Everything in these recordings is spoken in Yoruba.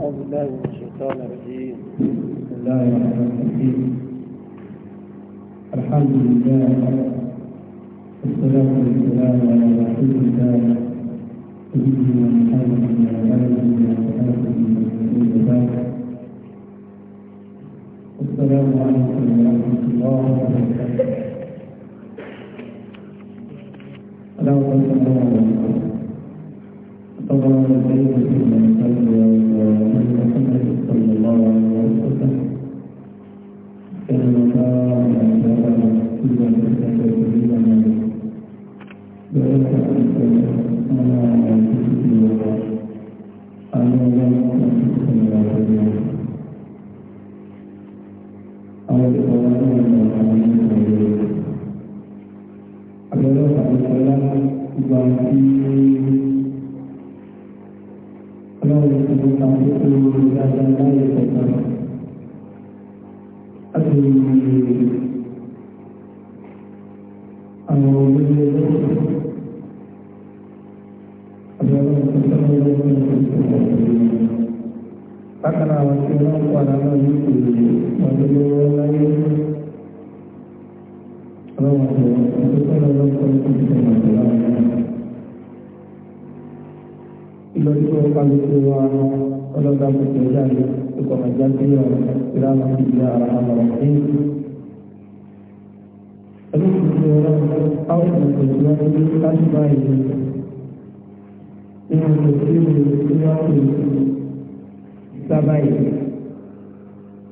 أعوذ بالله من الشيطان الرجيم بسم الله الرحمن الرحيم الحمد لله والصلاة والسلام على رسول الله سيدنا محمد وعلى آله وصحبه وسلم السلام عليكم ورحمة الله وبركاته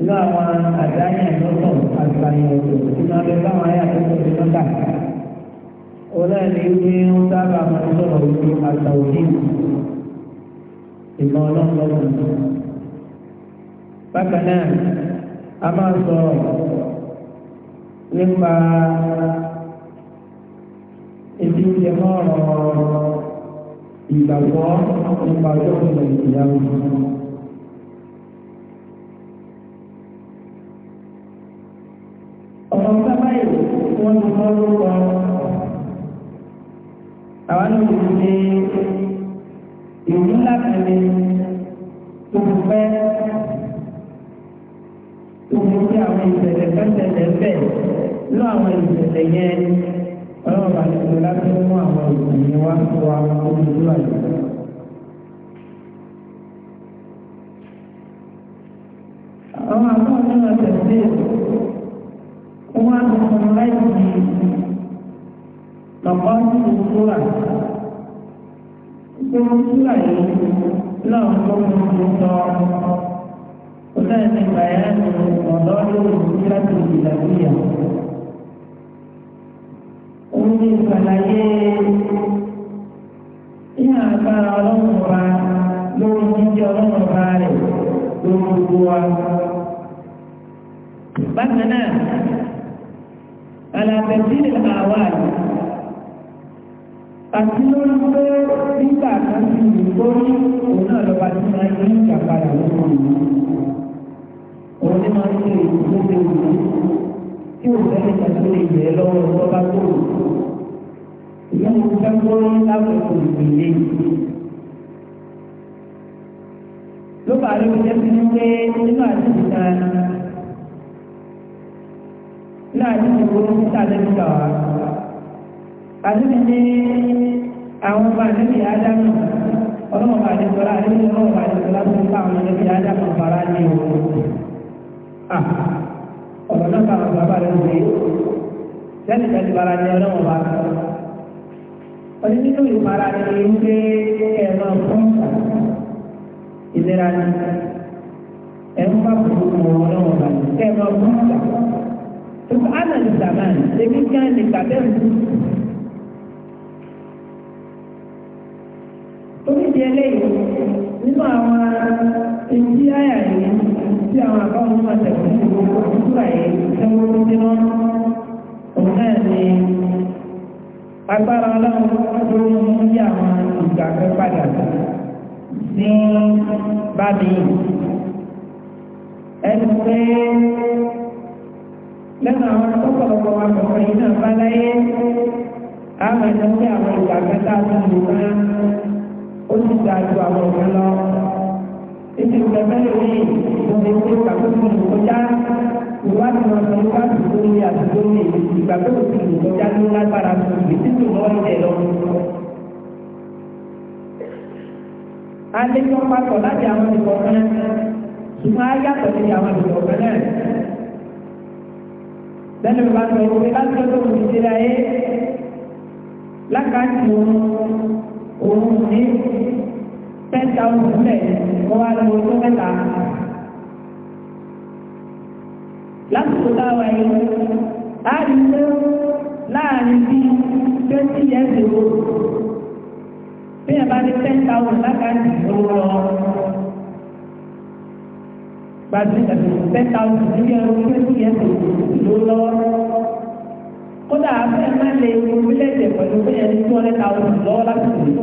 inú àwọn àdáyà ìlọ́tọ̀ àgbáyé ọ̀tọ̀ inú abẹ báwọn ayé àtúntò ti tán kà. ọlọ́run ni wí ń sábà máa ń sọ̀rọ̀ ojú àtàwọ̀dì ìmọ̀ ọlọ́run bákan náà a máa sọ̀rọ̀ nípa ibi ìjẹmọ́ ọ̀rọ̀ ìgbàgbọ́ nípa ọjọ́ ìgbàgbọ́. ní ìlú láti ní olùfẹ́ olùfẹ́ àwọn ìṣẹ̀lẹ̀ fẹ́sẹ̀lẹ̀ bẹ́ẹ̀ lọ àwọn ìṣẹ̀lẹ̀ yẹn ọlọ́run bá ti lọ láti mú àwọn ìṣẹ̀lẹ̀ wá sọ àwọn olùdúrà yìí. àwọn àbọ̀ nínú ọ̀sẹ̀ sí wọ́n á lọ sọ̀rọ̀ láì sí ọ̀pọ̀ nínú ìṣúra gbogbo sílà yìí náà gbogbo tó sọ ó náà ní bàyánù ọ̀dọ́ lórí láti ìdàgbéyà. ó ní ìfàlàyé ní àgbára ọlọ́run wa lórí jíjẹ ọlọ́run bákan náà alàbẹ̀sílẹ̀ àwa àti lórí pé nígbà kan ti lè gbórí òun náà lọ́ba tí máa ń ní ìjàpadà lóko yìí òun ní máa ń ṣe ìdílé òun tí òun lẹ́yìn ìgbà tó lè yẹ lọ́wọ́ lọ́ba tó lò ìyá mi fẹ́ gbórí lábẹ́kọ̀ ìgbèlè ló bá rí oúnjẹ tí ní pé nínú àdúgbò náà náà ní ìgbòho títà lẹ́nu gbà wá. àdúgbò ní àwọn ọba àdébì ádámù ọlọ́mọba àdébìọlá àdébì ọlọ́mọba àdébìọlá tó ń bá àwọn àdébì ádámù bàrá ní òun ọ̀rọ̀ náà bàbá rẹ̀ bàrá ní ọdún nínú ìpara fún ìlera ní fún ọmọ fún tó kí eléyìí nínú àwọn èyí àyà yìí tí àwọn àbáwọn máa tẹ̀wọ́ sí gbogbo yìí òun náà ni agbára ọlọ́run tó ń yí àwọn ìgbà padà sí bábí ẹni pé lẹ́nu àwọn wa kọ̀ọ̀kan yìí náà bá láyé àwọn ẹ̀dọ́ àwọn ìgbà tá a lò náà. dáa àwọn òun lọ. Ètò ìgbẹ́fẹ́ lórí ìgbọ́n ètò ìgbàgbọ́sọ̀ ìkọjá ìwádìí wọn sọ nípa àtúntò ní àtúntò ní ìgbàgbọ́sọ̀ ìkọjá ní lágbára fún ìgbésí Alẹ́jọ́ papọ̀ láti àwọn ìkọ̀ọ̀kan ṣùgbọ́n á yàtọ̀ sí àwọn ìkọ̀ọ̀kan náà. Lẹ́nu ìbá sọ ìwé láti ọjọ́ òun ní ten thousand sílẹ̀ wọ́n wá lọ ọdún mẹ́ta. lásìkò táwa yìí a rí pé láàrin bí twenty years ago bí ẹ bá ní ten thousand lákàtì owó lọ gbàdúrà tàbí ten thousand ní ẹrú twenty years ago ló lọ kódà abẹ́ máa lè wo orílẹ̀-èdè pẹ̀lú pé ẹni tí wọ́n lẹ́ta lọ́wọ́ láti lè.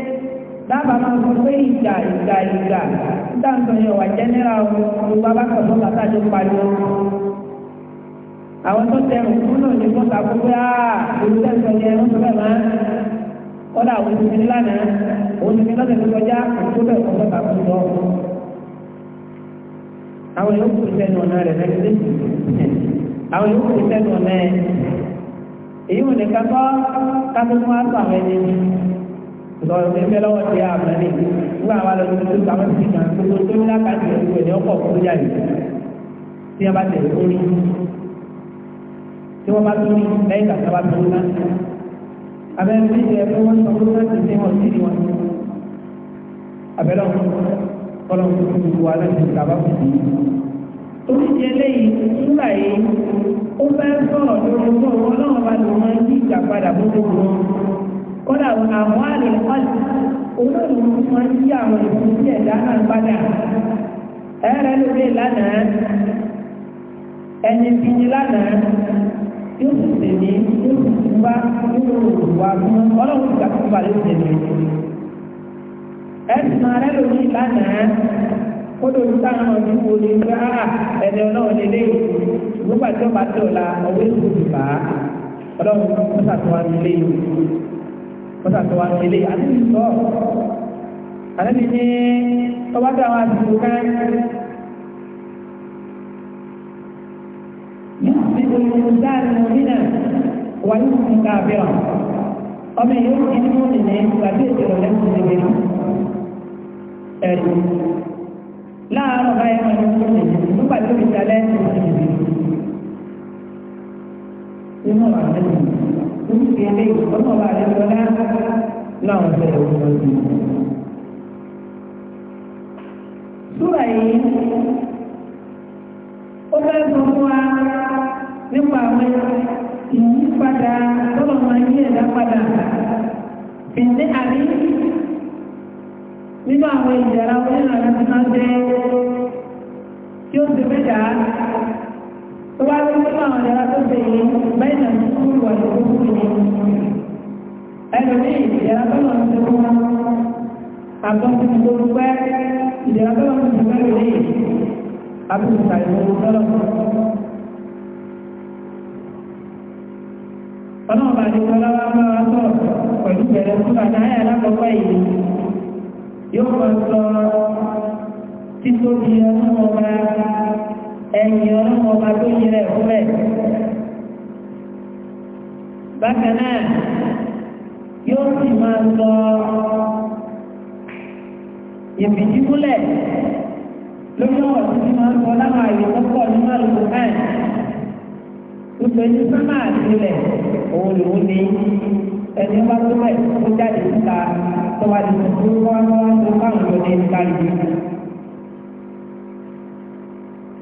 dábàá ma sọ ìjà ìjà ìjà dáńtọ̀ yẹn wà jẹ́nẹ́ra gbogbo abákọ̀tọ̀ bàtà ló pariwo. àwọn tó tẹrù fún náà ní fún takò á ìlú tẹ̀sán yẹn ló fẹ́ ti lánàá òun lọ́sẹ̀ tó kọjá òkú fún lọ. àwọn yóò kú sẹ́nu ọ̀nà rẹ̀ àwọn yóò kú sẹ́nu ọ̀nà ẹ̀ èyí wọn ni kakọ́ kakọ́ fún lọ́rọ̀ mi bẹ́ lọ́wọ́ ti àmọ́ ní nígbà wà lọ́dún tó sàmọ́ sí kan gbogbo tó ní lákàtì ẹ̀kú ẹ̀ ní ọkọ̀ tó yà yìí tí wọ́n bá tẹ̀ lórí tí wọ́n bá tó ní lẹ́yìn tàbí wọ́n bá tó ná. abẹ́rẹ́ mi ti ẹ̀fọ́ wọn sọ fún láti ṣe wọn sí wọn. abẹ́rẹ́ wọn kọ́lọ́ fún gbogbo wa láti ṣàbá fún mi. orí ti eléyìí nígbà yìí ó fẹ́ sọ̀rọ̀ lórí ọgbọ́n ọlọ́run bá lò wọ́n ní ìjà padà gbogbo wọn. kọ́dà àwọn àlè ọ̀lì olóòlù máa ń yí àwọn ìfún sí ẹ̀dá náà padà ẹ̀rẹ́ ló dé lánàá ẹni bí ní lánàá yóò sì yóò sì yóò wá fún ọlọ́run ìgbà tó wà ló ẹ̀sìn ló lánàá ló ń sáà náà ní wo wọ́n sàtọ̀ wà nílé àdébì sọ àdébì ní tọ́wádà àwọn àdìgbò kan yóò fi olùkọ́ dáàrin òmìnà wà ní ìsìn káàbíọ̀ ọmọ èyí ó ti ní mọ́ nìyẹn ìgbà tí èdè rẹ̀ lẹ́sìn lè láàárọ̀ báyẹn wọn ní mọ́ nìyẹn nígbà tó fi dalẹ́ ìsìn nínú àlejò ó sì fi ilé ìfọ́nà bá àlejò náà láwọn ọ̀sẹ̀ ìwé lọ́dún. Súra yìí ó fẹ́ sọ fún wa nípa àwọn ìyípadà tọ́lọ̀ máa yí ẹ̀dá padà tí ó ti fẹ́ dà tó wá lọ nínú àwọn ìdára tó ṣe yìí mẹ́ta kúrú wà lóko kúrú yìí ẹlòmíì ìdára tó lọ sí fún wọn àtọ́sí gbogbo pẹ́ ìdára tó lọ sí fún ẹlòmíì àbùkà ìwòrán tọ́lọ̀ ọlọ́run bá ní kọ́lá wá bá wa sọ̀rọ̀ pẹ̀lú bẹ̀rẹ̀ fún bàtà ayé alákọ̀ọ́kọ́ yìí yóò kọ́ sọ títóbi ọlọ́run ọba ẹ̀yìn ọlọ́mọ ọba tó yẹ rẹ̀ fúnlẹ̀. bákan náà yóò sì máa sọ ìfìdímúlẹ̀ lórí ọ̀rọ̀ tó ti máa ń sọ láwọn àyè tó pọ̀ nínú àlùkò náà ìpèsè sọ́mà àtìlẹ̀ òun lòún ní ẹni ọba tó mẹ́ tó jáde síta tó wà ní ìdúró wọn wọn tó fáwọn ìjọba ẹni ká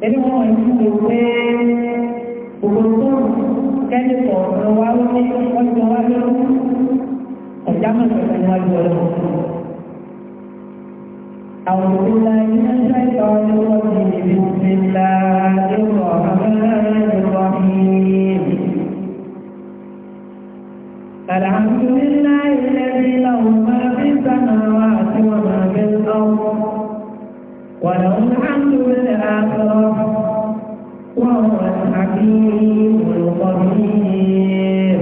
ẹni wọn ìlú lè pé gbogbo tó kẹ́lẹ́ pọ̀ lọ wá ló ní wọ́n ti wá ló ọ̀já mọ̀ ní wọ́n ti wọ́n lọ. àwọn òbí ńlá ní ẹgbẹ́ ìta ọdún wọn ti ìbí ti ńlá lórọ̀ abẹ́rẹ́ wọn ní. الحمد لله الذي له ما في السماوات وما في الأرض وله وهو الحكيم الخبير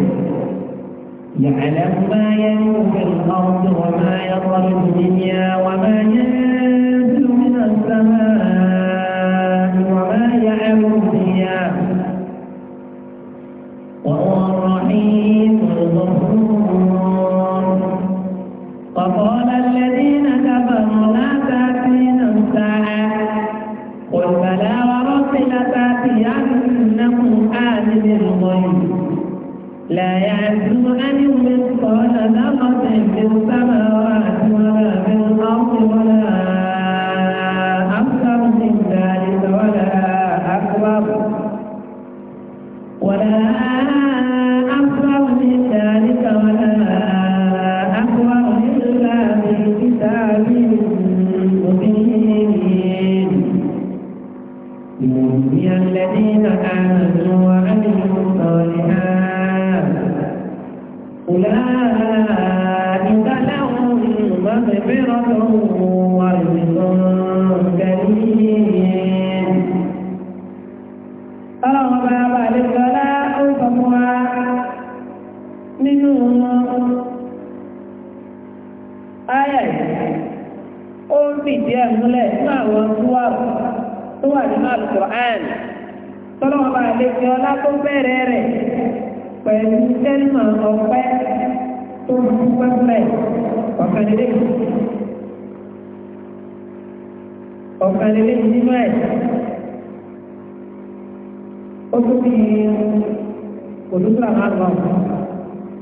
يعلم ما يلوح الأرض وما يطرد الدنيا وما يلوح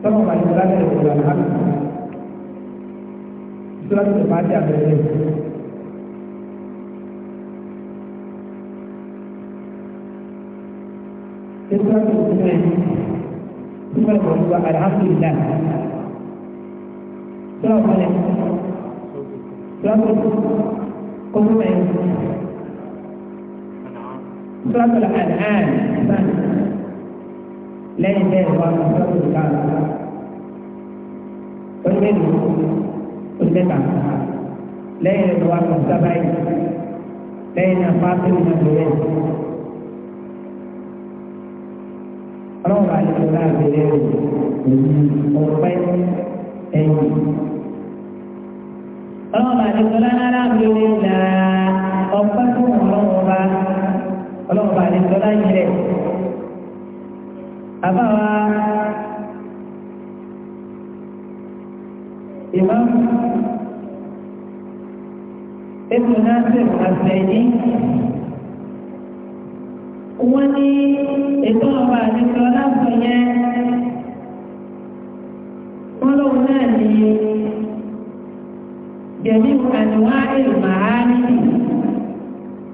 tọ́lọ̀ máa yọ láti ẹ̀kọ́ ìlànà àná ìṣúra tó máa dé àbẹ̀rẹ̀ ìṣúra tó máa yọ ثم يقول الحمد لله سلام عليكم سلام قلوا معي سلام الآن لن يجب أن onímẹ̀lú onímẹ̀ta lẹ́yìn ẹ̀rọ wa kàn sábà yìí lẹ́yìn náà pàṣẹ ìlú náà bẹ̀rẹ̀ ọlọ́run àlejò náà bẹ̀rẹ̀ òní ọ̀pẹ́ ẹ̀yìn ọlọ́run àlejò náà bẹ̀rẹ̀ là ọ̀pẹ́ fún ọlọ́run ọba ọlọ́run àlejò náà yẹrẹ àbáwá. Imam Ibn Nasir Al-Zaidi wọ́n ní ètò ọba àdìsọ lásán yẹn wọ́n lóun náà ní jẹ̀mí àníwá ìlmàání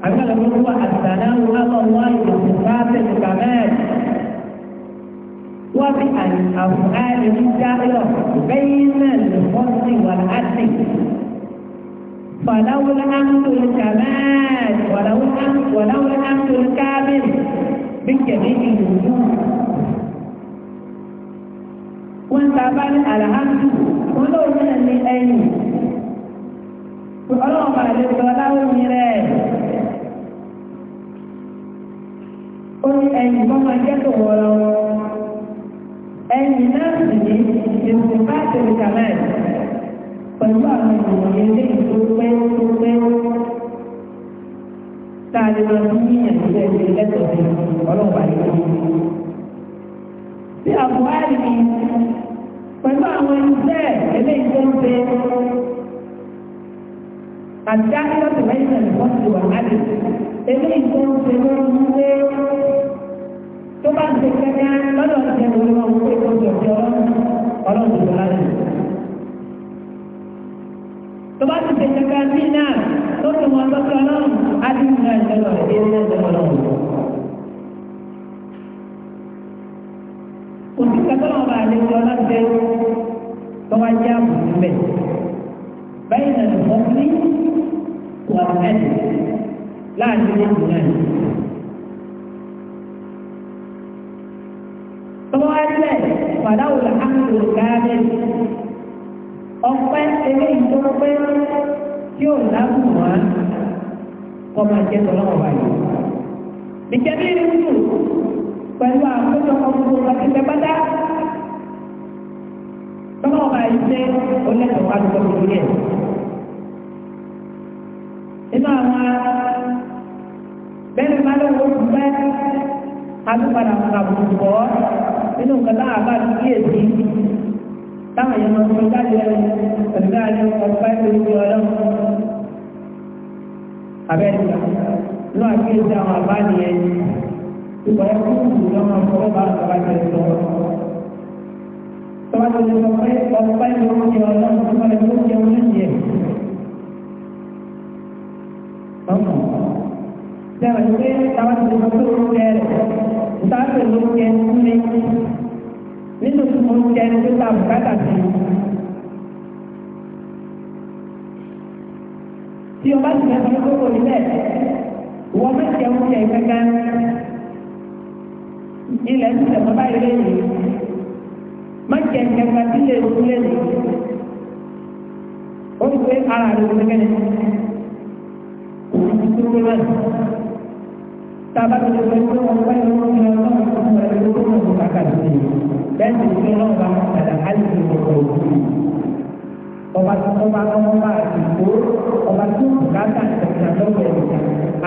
àgbàlagbà wọ́n àtàlà wọ́n lọ́wọ́ ìlú ìfásẹ̀ ìgbàmẹ́ẹ̀dì. وبأن أفعال الداخلة بين الفرد والعدل فلو الامر الكمال ولو ولو الامر الكامل بجميع الوجوه وانتبه الحمد ولو من أين ọlọ́ọ̀bà lè sọ láwọn ìrẹ́ ti lẹ́tọ̀ọ́ sí ọlọ́run bá yẹ kí. Bí àbúrárì mi pẹ̀lú àwọn iṣẹ́ eléyìí tó ń ṣe àti akẹ́kọ̀ọ́ lẹ́yìn ẹ̀kọ́ ti wà láti eléyìí tó ń ṣe lórí jẹ́ tọ́lọ́wọ́ báyìí. abẹ́rẹ́ ló àkíyèsí àwọn àbáni yẹn ìgbà yẹn kó kùtù ní ọmọ ọmọ bá bàbá jẹ sọ tọ́wọ́ tó lè sọ pé ọ̀pá ìlú oúnjẹ ọlọ́run tó bá lè tó oúnjẹ oúnjẹ ọmọ sẹ́wọ̀n pé táwọn tó lè sọ pé oúnjẹ rẹ̀ ìtàkùn oúnjẹ ń lé nínú oúnjẹ ní tó ta bùkátà sí i. tí o bá ti gbà pé kókò yìí bẹ́ẹ̀ wọ́n bá jẹ oúnjẹ kankan ilẹ̀ ti tẹ̀ bàbá yìí lẹ́yìn má jẹ kankan tí lè tu lẹ́yìn o ti pé ara rẹ̀ ló gẹ́gẹ́ ní òun ti tó wọlé tába tó lè wọlé wọn bá yẹ wọn lọ lọ wọn bá yẹ wọn lọ wọn bá kà sí i bẹ́ẹ̀ ti tó lọ́wọ́ bá wọn kàdà hali tó lọ́wọ́ Obat-obat-obat itu obat ọba tó bùkátà ìtẹ̀síà lọ́wọ́ ẹ̀dá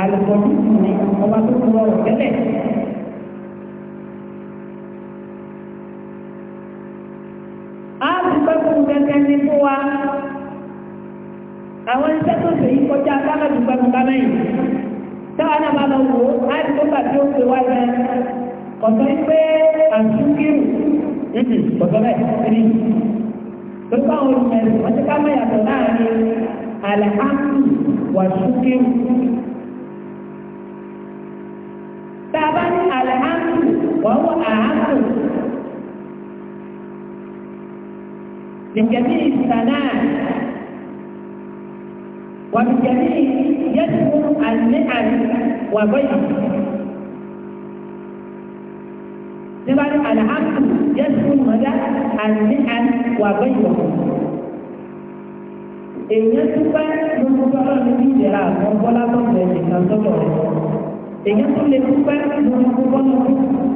àlùkọ́bí sì ni ọba tó kú ọ̀rọ̀ tẹ́lẹ̀. a dúpẹ́ fún gẹ́gẹ́ ní fún wa àwọn iṣẹ́ tó ṣe yí kọjá káfẹ́ dúpẹ́ fún kámẹ́ yìí táwọn náà bá lọ wò ó a ti tó gbàgbé ó pè pẹ̀lú àwọn olùmọ̀ẹ̀sìn wọ́n ti ká mọ̀ yàtọ̀ láàrin alhamdu wà ṣúkẹ́rù. tá a bá ní alhamdu wọ́n wọ àhákù nìjẹ̀bí ìsànà wà nígbà tí alhamdu yẹsùn mọ́gá àti àwà bẹ́yọ̀. èèyàn tún bá gbogbo bọ́lá ní bí ìjẹ́ra àwọn bọ́lá bọ́ọ̀lù ẹ̀ nìkan sọ́dọ̀ rẹ̀. èèyàn tún lè tún bá gbogbo bọ́lá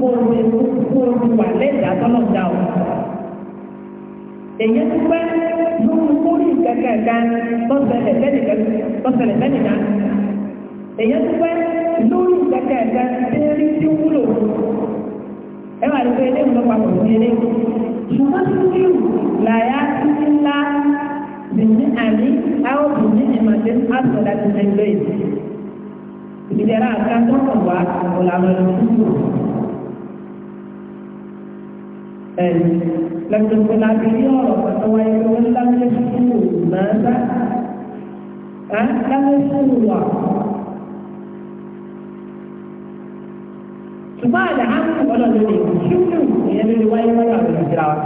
kó o ti wà lẹ́dàá tọ́lọ̀ dá o. èèyàn tún bá gbogbo kórìí kankan tọ́sẹ̀lẹ̀ tẹ́nìkan èèyàn tún bá lórí kankan tẹ́rí tí ó wúlò ẹ wà ní pé eléyìí ló papọ̀ sí eléyìí ṣùgbọ́n tí kí wù làyà tí ń lá bìnní àní àwọn bìnní ìmọ̀tẹ́ àtọ̀dá ti ṣe lóye ìdíjẹ́ra àti àtọ́kọ̀ wá ọ̀làwọ̀ ẹ̀rọ fúnfún ẹ̀ lẹ́gbẹ̀ẹ́ láti rí ọ̀rọ̀ pàtó wáyé pé wọ́n lábẹ́ fúnfún mọ́ ṣùgbọ́n àlẹ́ á ń wọ́n lọ́dún ní ṣíkú ìyẹn lórí wáyé wáyé àwọn ìjìra wa.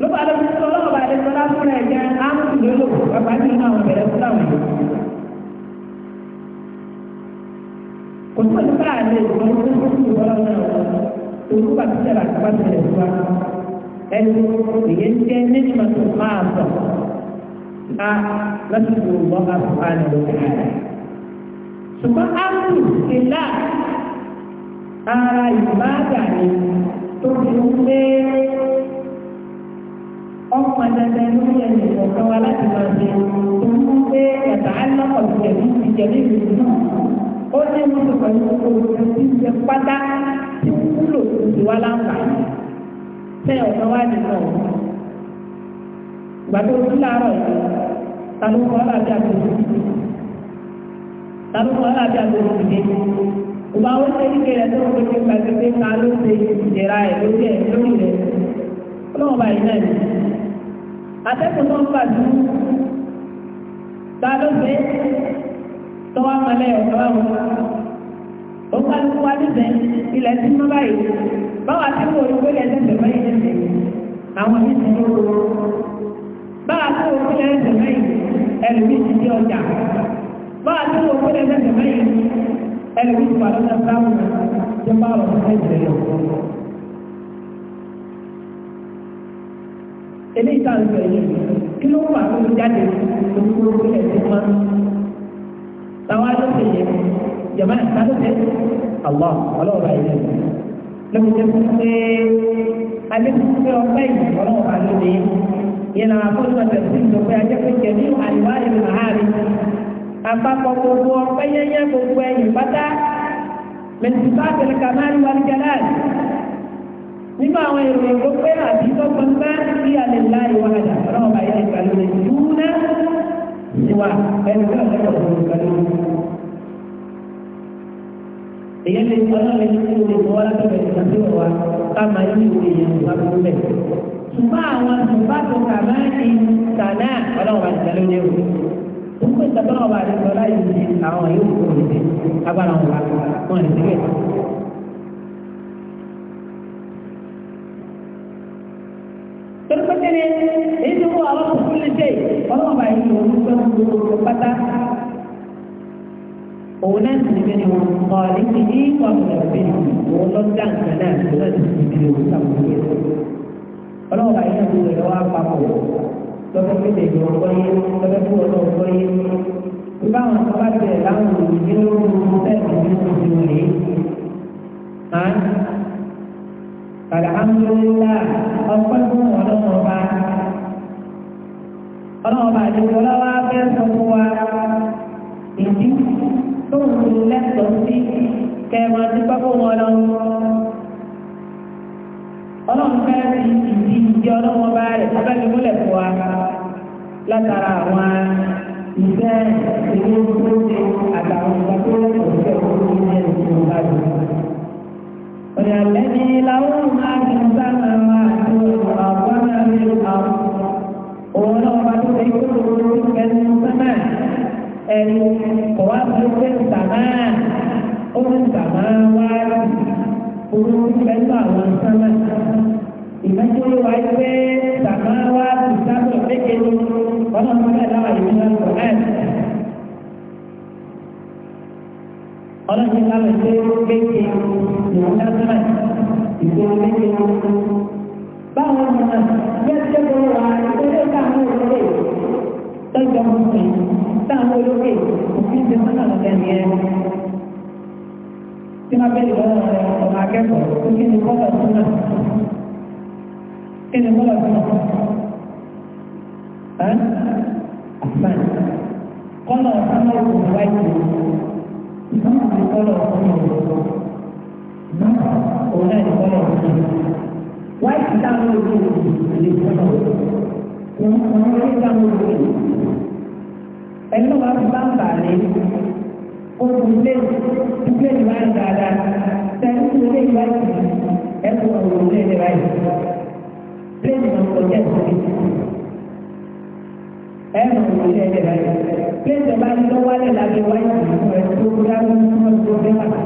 ló bá lọ́dún tó lọ́wọ́ bá lè sọ́lá fún ẹ̀ jẹ́ áńkù lólò bàbá ní inú àwọn bẹ̀rẹ̀ fún àwọn ìlú. kò tó ní bá àlẹ́ ìgbọ́n tó kú ìwọ́lọ́dún náà olùkọ́ àti ìjọba àti ìbátan ẹ̀ fún wa ẹnu ìyẹn jẹ́ nínú ìmọ̀ tó máa sọ̀rọ̀ a ah, lásìkò ọgbọ́n àbúrò àlọ́ ṣùgbọ́n ápù ìlà ara ìbáàdà ni tó fi ń pé ọmọ dandan ló yẹ ní ọ̀kan wa láti máa ṣe tó ń pé ẹ̀dá alọ́kọ̀ ìjẹ̀bí ìjẹ̀bí ìlú náà ó ní wọn tó pẹ̀lú gbogbo tí ń ṣe pátá tí wúlò tó ti wá láǹfààní tẹ́ ọ̀kan wa nìkan ọ̀hún. gbàtó ojú láàárọ̀ yìí tanu kọ́ láti àgbègbè tanu kọ́ láti àgbègbè dìde òbá wọn ṣe ní kẹrẹ tó ń pè é gbàgbé ká ló ṣe ìdẹ̀ra ẹ̀ lórí ẹ̀ lórí rẹ̀ náà atẹ́kùn tó ń tọ́wọ́ ó ká ló wá níbẹ̀ ilẹ̀ tí báyìí báwa ti báyìí àwọn ti báwa tó o fílẹ̀ ẹsẹ̀ mẹ́yìn ẹlòmíì ti di ọjà báwa tó o fílẹ̀ ẹsẹ̀ mẹ́yìn ẹlòmíì ti wà lọ́nà sáwọn tó bá wà lọ́nà ẹsẹ̀ lọ. eléyìí tá à ń sọ yìí kí ló wà tó jáde olúwo fílẹ̀ ẹsẹ̀ mọ́ táwa ló fi yẹ jama ta ló fi Allah ọlọ́ọ̀bá yìí lọ́wọ́ jẹ́ pé alẹ́ ti fi ọgbẹ́ yìí ọlọ́ọ̀bá ló dé yìí yẹn náà fún ìgbà tẹ̀sí ìjọba ajẹ́ pé jẹ̀mí àríwá ìlú àárí àpapọ̀ gbogbo ọpẹ́ yẹ́yẹ́ gbogbo ẹ̀yìn pátá mẹ̀tìfá àbẹ̀rẹ̀ kàmáàrí wà nígbàlá nínú àwọn ìròyìn tó pé àbí tó pọn bá sí àlè láì wà àjà ọ̀rọ̀ ọba yẹn ìgbàlódé dúná ìwà ẹni tó ọ̀sẹ̀ ọ̀sẹ̀ ìgbàlódé. èyí lè ọlọ́run ní kí ló lè mọ́ wá látọ̀ bẹ̀rẹ̀ ìgbàlódé wa wá fún ṣùgbọ́n àwọn ṣùgbọ́n tó kà máa ń di sànà ọlọ́run bá ti dá lóde o gbogbo ìtọ́jú náà bá ti sọ láyé ti àwọn yóò kó o lè agbára wọn bá wọn lè sílẹ̀. tolukotele èyí ti kó àwọn kòkòrò lè ṣe ọlọ́run bá yìí lò ó gbẹ́gbẹ́ pátá òun náà sì níbi ni wọn kọ ní ti ní kọ́ọ̀tù ẹ̀fẹ́ òun lọ́jà nǹkan náà lọ́jà ti di òun sábà wọlé ọlọ́ọ̀bà yìí náà ti rẹ̀ lọ́wọ́ àpapọ̀ lọ́fẹ́ pété ìgbọ̀n gbọ́yé lọ́fẹ́ fún ọ̀dọ́ gbọ́yé nígbà wọn tó bá tẹ̀ láwọn òbí ló ń mú bẹ́ẹ̀ ní oṣù rẹ̀ hàn kàlàmúlá ọpẹ́ fún ọlọ́mọba ọlọ́mọba àdìgbò lọ́wọ́ abẹ́ sọ fún wa ìdí tó ń lẹ́tọ̀ọ́ sí kẹ́ẹ̀mọ́ ti pápọ̀ wọn lọ́wọ́ láti ìdí ìdí ọlọ́wọ́ bá rẹ̀ sábẹ́ni múlẹ̀ fún wa látara àwọn ìfẹ́ ìwé tó ṣe àtàwọn ìgbàgbọ́ òṣìṣẹ́ òṣìṣẹ́ ìdílé ìṣòro láti. Òyàlẹ́ni làwọn máa ń sábà máa tó àwọn àmì àwọn òun náà bá tó ṣe kó lóru ẹnu sábà ẹnu kọ̀wá tó ṣe sábà ó ń sábà wá lóru ẹnu àwọn sábà ìmọ̀tòrò wa pé sàmáwá tùsàtò kékeré wọn náà fẹ́ dáwà yìí wọn kò ẹ̀. ọlọ́run ká lè ṣe kéèké ìwọ̀n lásán ìṣòro kéèké. báwo ni wọn yẹ kékeré wa ìṣòro táwọn olókè tọ́jú ọmọ mi táwọn olókè òfin ti mọ́nà lọ́tẹ̀ni ẹ̀. tí wọ́n bẹ̀rẹ̀ lọ́wọ́ ọmọ akẹ́kọ̀ọ́ tó kí ni kọ́lọ̀ tó náà kí ni mọ́lá fún ọ? ẹ́ àfáàn kọ́lọ̀ ọ̀sán ọ̀rùn wáyé náà ti kọ́lọ̀ ọ̀sán ọ̀rùn náà òun náà ti kọ́lọ̀ ọ̀sán ọ̀rùn wáyé ti dáhùn lójú ìdílé kọ́lọ̀ òun òun ló ń dáhùn lójú ẹni náà wá fi bá ń bà lé oògùn ilé ilé ìwádìí dáadáa tẹ̀lé ilé ìwádìí ẹ̀kọ́ òun ilé ìwádìí bẹ́ẹ̀ni wọn kọ jẹ́ ìsọ̀rí. ẹ mọ̀ ní ilé ẹ̀rẹ́ rẹ̀ bẹ́ẹ̀ tẹ bá lọ wálé lábẹ́ wáyé ìlú rẹ̀ tó dáwọ́ fún ọdún bẹ́ẹ̀ bá.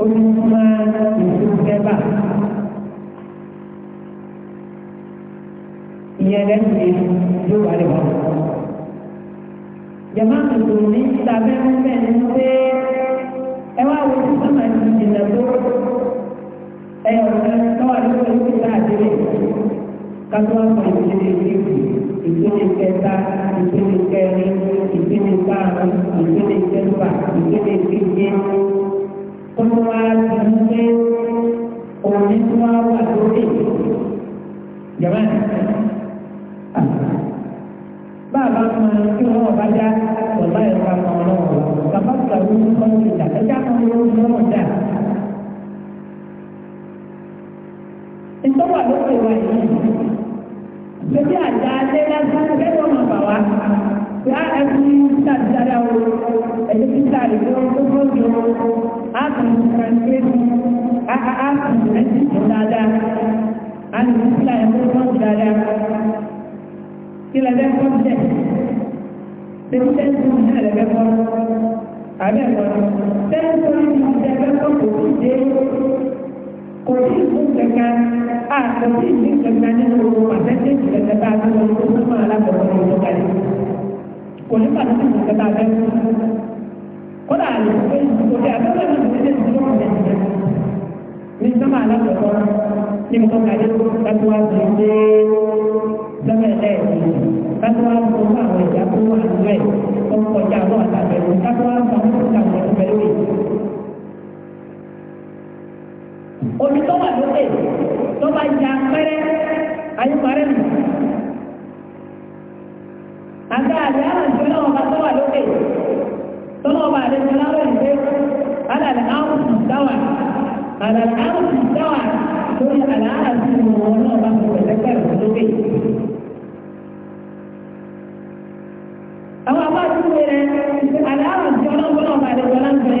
ó ní máa ìlú bẹ́ẹ̀ bá. ìyẹn lẹ́nu yóò wálé wọn. jàmbá tuntun ní ìta bẹ́ẹ̀ bẹ́ẹ̀ ni pé ẹ wá wo sísọ́mà ti jìnnà tó ẹ̀yọ̀ ọ̀sẹ̀ tọ́wà lórí orí láàdínlẹ̀ kátó àpò ìpínlẹ̀ ìlú ìpínlẹ̀ kẹta ìpínlẹ̀ kẹrin ìpínlẹ̀ karùn ìpínlẹ̀ kẹfà ìpínlẹ̀ keje tọ́wọ́ wá ti pé òní tó wá wà lórí jàmbá bàbá kan tí wọn ọba dá ọba ẹ̀ka kan náà bàbá kan ló ń kọ́ ìjà ẹ̀ka kan ló ń kọ́ ìjà. wà lókè wa yìí lórí àjà alẹ́ lásán lẹ́nu ọmọ bàbá yà á fi sáré sáré àwọn ẹ̀jẹ̀ fi sáré lọ́wọ́ tó tó tó á kàn kàǹkẹ́ mi á á kàn ẹ̀jẹ̀ tó dáadáa á lè fi sáré tó tó dáadáa kí lẹ́dẹ̀ kọ́ tẹ̀ tẹ̀sí tẹ̀sí ní ẹ̀lẹ́dẹ̀ kọ́ àbẹ̀ kọ́ tẹ̀sí tó ní ìdẹ́gbẹ́ kọ́ kò tó dé kò sí fún kankan a kò sí fún kankan nínú owó àtẹ́tẹ́ ìrẹsẹ̀ tá a ti lọ sí fún máa lábẹ̀wọ̀ ní ìlú kan kò ní pàtó sí fún kankan abẹ́ kódà àlè fún èyí kò sí abẹ́wọ̀ ní ìdílé ìdílé ìdílé ìdílé ní sọ́mà alákọ̀ọ́kọ́ ní nǹkan kan yóò láti wá sí ilé sọ́mà ẹlẹ́ẹ̀kì láti wá fún àwọn ìjà tó wà nílẹ̀ tó ń kọjá lọ́wọ́ àtàbẹ̀wò láti wá fún àwọn ìjà omi tó wà lókè tó bá ya pẹ́rẹ́ ayé parẹ́ nù. àgbà àgbà àjọ náà ọba tó wà lókè tọ́lọ́ ọba àdéjọ láwọ̀ ìgbé alàlẹ́ áwùsù dáwà alàlẹ́ áwùsù dáwà lórí àlàá àti ìwọ̀n náà bá fi pẹ̀lẹ́ pẹ̀lú lókè. àwọn abájú rẹ̀ àlàá àjọ náà ọba àdéjọ láwọ̀ ìgbé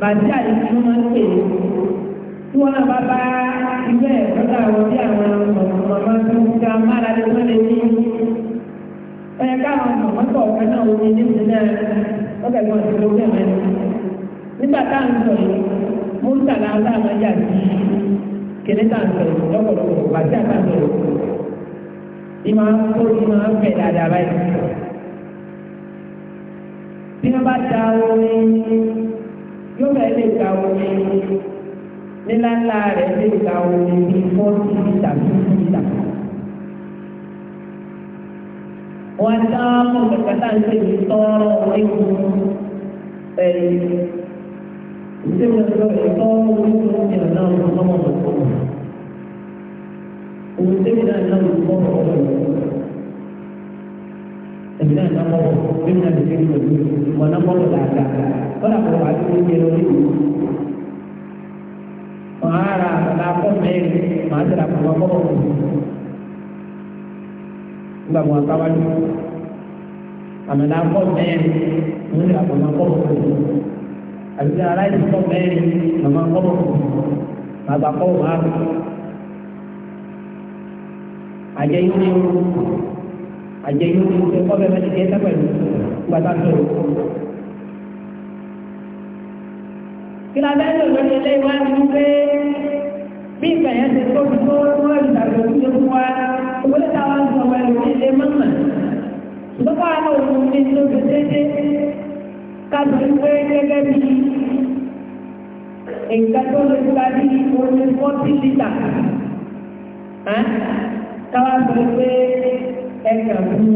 bàtí àyíkú máa ń pè é tí wọn bá bá ilé ẹ̀kọ́ láwọn bí àwọn ọmọọmọ tó ń ga mára lè wọ́n lè ní ẹ káwọn ọmọ tó ọ̀kan náà wọ́n ní ní náà wọ́n kẹ́ gbọ́n ìṣòro bẹ́ẹ̀ mẹ́rin nígbà tá à ń sọ yìí mo ń tàlà aláàmọ́ yà sí kìnní tá à ń sọ yìí lọ́pọ̀lọpọ̀ bàtí àtàkùn rẹ̀ ìmọ̀ àkókò ìmọ̀ àfẹ́ dáadáa báyìí bí wọ́n bá ta orin yóò bẹ̀rẹ̀ lè ta omi nílá ńlá rẹ̀ lè ta omi bíi fọ́ọ̀tì mítà fífi mítà. wọ́n dá mọ̀ kẹ̀kẹ́ tá ń sèyí tọ́rọ̀ wíwú ẹ̀yìn ìṣèwọ̀n lọ́wọ́ tọ́rọ̀ wíwú ní ọ̀nà ọ̀nà ọ̀nà òun tẹ́lẹ̀ náà náà ló mọ̀ ọ́ ẹ̀mí náà náà mọ̀ ọ́ ẹ̀mí náà lè fi ìwé ìwé ìwé ìwé náà mọ̀ ọ́ dáadáa. kọ́nà kò wá sí oúnjẹ lórí ìlú. màá ra àgbàlá fún mẹ́rin màá tẹ̀lé àpòpọ̀ bọ́ọ̀ nígbà wọn káwájú àmàlà fún mẹ́rin màá tẹ̀lé àpòpọ̀ bọ́ọ̀ àbí aláìsí fún mẹ́rin màmá kọ́bọ̀ màá bá kọ́bọ̀ máa rù. àjẹ yóò ní o àjẹ yóò ní o ṣe kọ́ bẹ́ẹ̀ bẹ́ẹ̀ ti kẹ́ sẹ́pẹ̀lú gbàtà sọ̀rọ̀. kí la bẹ́ẹ̀ lò lórí ilé ìwádìí wípé bí ìgbà yẹn ti tó tó tó ẹ̀rù tàbí òṣìṣẹ́ fún wa owó lè táwọn ń sọ̀rọ̀ ẹ̀rù ní ilé mọ́mọ́ ṣùgbọ́n káwọn náà òun ní tó fi déédé káàdì wípé gẹ́gẹ́ bí nǹkan tó lè gba bí omi fọ́tí lítà káwọn sọ pé ẹ̀ka fún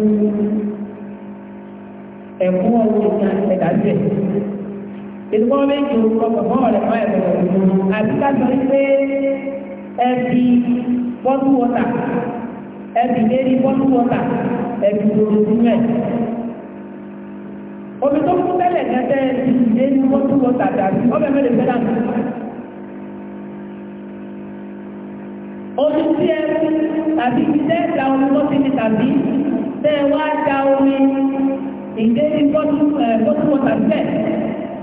ẹ̀kún ọ̀gbìn ẹ̀dá jẹ̀ ìdúgbò méjì orúkọ fún ọ̀rẹ́ fún ẹ̀rọ ìdúró àti kájọ pé ẹbí bọ́tù wọ́tà ẹbí lérí bọ́tù wọ́tà ẹbí òrùkú mẹ́. omi tó kú tẹ́lẹ̀ kẹ́tẹ́ ti dé ní bọ́tù wọ́tà dàbí ọbẹ̀ mẹ́lẹ̀ fẹ́ dànù. omi tí ẹ tàbí tẹ́ ẹ da omi bọ́tù ni tàbí tẹ́ ẹ wá da omi ìgbéni bọ́tù wọ́tà bẹ́ẹ̀.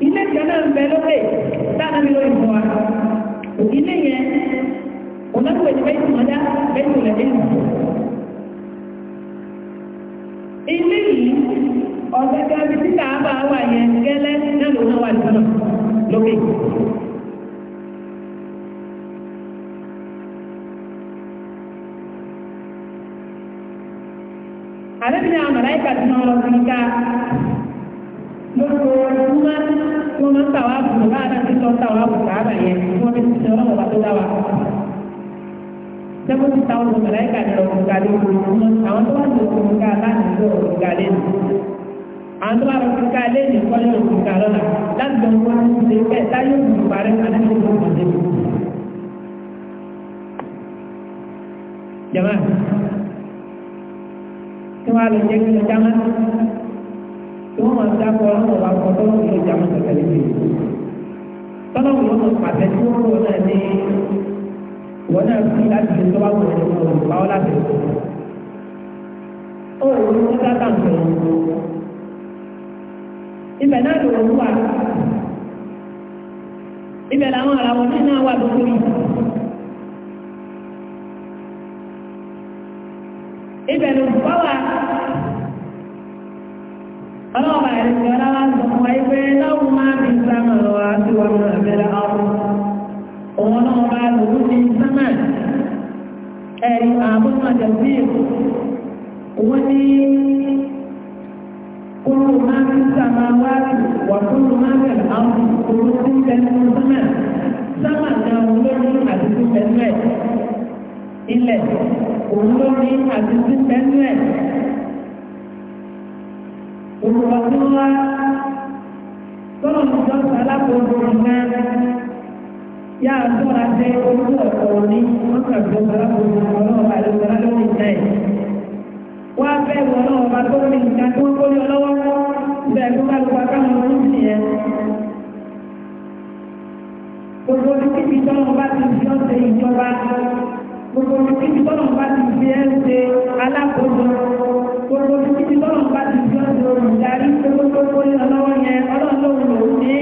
ilé kan náà ń bẹ lókè dáadáa mi lórí fún wa ilé yẹn ọ̀nàpọ̀ ìdí bẹ́ẹ̀ tìmọ̀dá bẹ́ẹ̀ tó lẹ́dẹ́ ilé yìí ọ̀gẹ́gẹ́ bí títà bá wà yẹn gẹ́lẹ́ náà ló náà wà lọ́nà lókè àlẹ́ mi náà màláìkà tí wọ́n lọ sí ká lójoojúmọ́ tí wọ́n máa ń tàwa bù láàdá tí wọ́n tàwa bù káàbà yẹn tí wọ́n fi ti sọ ọlọ́wọ́ tó dá wa. sẹ́kọ̀ọ́ ti táwọn ọmọ mẹ́láìkà ní ọ̀gbọ̀n gàdé ojoojúmọ́ àwọn tó wà ní ọ̀gbọ̀n gà láti lọ ọ̀gbọ̀n gàdé nù. àwọn tó wà lọ sí ká lé ní kọ́lé ọ̀gbọ̀n gà lọ́la láti lọ wọ́n ti ṣe bẹ́ẹ̀ táyé òkùnkùn parẹ́ jama tí wọ́n máa dákọ̀ ọlọ́run bá kọ́ tọ́lọ́ ìlú ìjà wọn tẹ̀lé mi. tọ́lọ́ ìlú wọn pàṣẹ tí wọ́n wọ náà ní wọ́n náà fi láti fi tọ́wá wọn ní wọn bá wọn láti fi. ó wọ́n ti dábàá ń sọ̀rọ̀. ibẹ̀ náà ló wọ́n wà. ibẹ̀ làwọn ará wọn náà wà lóko yìí. ibẹ̀ ló wọ́n wà ọlọ́ọ̀bà ẹ̀sìn ọlọ́wà sọ fún wa pé lọ́wọ́ máa fi sámà lọ wá sí wa mọ̀ àbẹ́rẹ́ ọ̀rọ̀ òun náà bá lòlú ní sámà ẹ̀rí àbúrò àjọ̀bí òun ní kúrò máa fi sámà wá sí wà ẹ̀ òkùnkùn ọdún wa tọ́lọ̀ ní ìjọba alákòóso iná yá àtúnra jẹ́ ojú ọ̀pọ̀ ní wọ́n kà jọ alákòóso ọlọ́wọ́ àlejò aláwọ̀ ìjà ẹ̀. wọ́n á fẹ́ wọ náà ọba tó ní nǹkan tí wọ́n kó lé ọlọ́wọ́ bẹ́ẹ̀ tó bá lùwà káwọn ọdún sì yẹn. gbogbo títí tọ́lọ̀ bá ti fi ọ̀sẹ̀ ìjọba gbogbo títí tọ́lọ̀ bá ti fi ẹ̀ ń ṣe alákòóso gbogbo títí lọ́rùn bá ti fi ọ̀dọ̀ olùdarí gbogbogbò ní ọlọ́wọ́ yẹn ọlọ́run lòun lòun ní.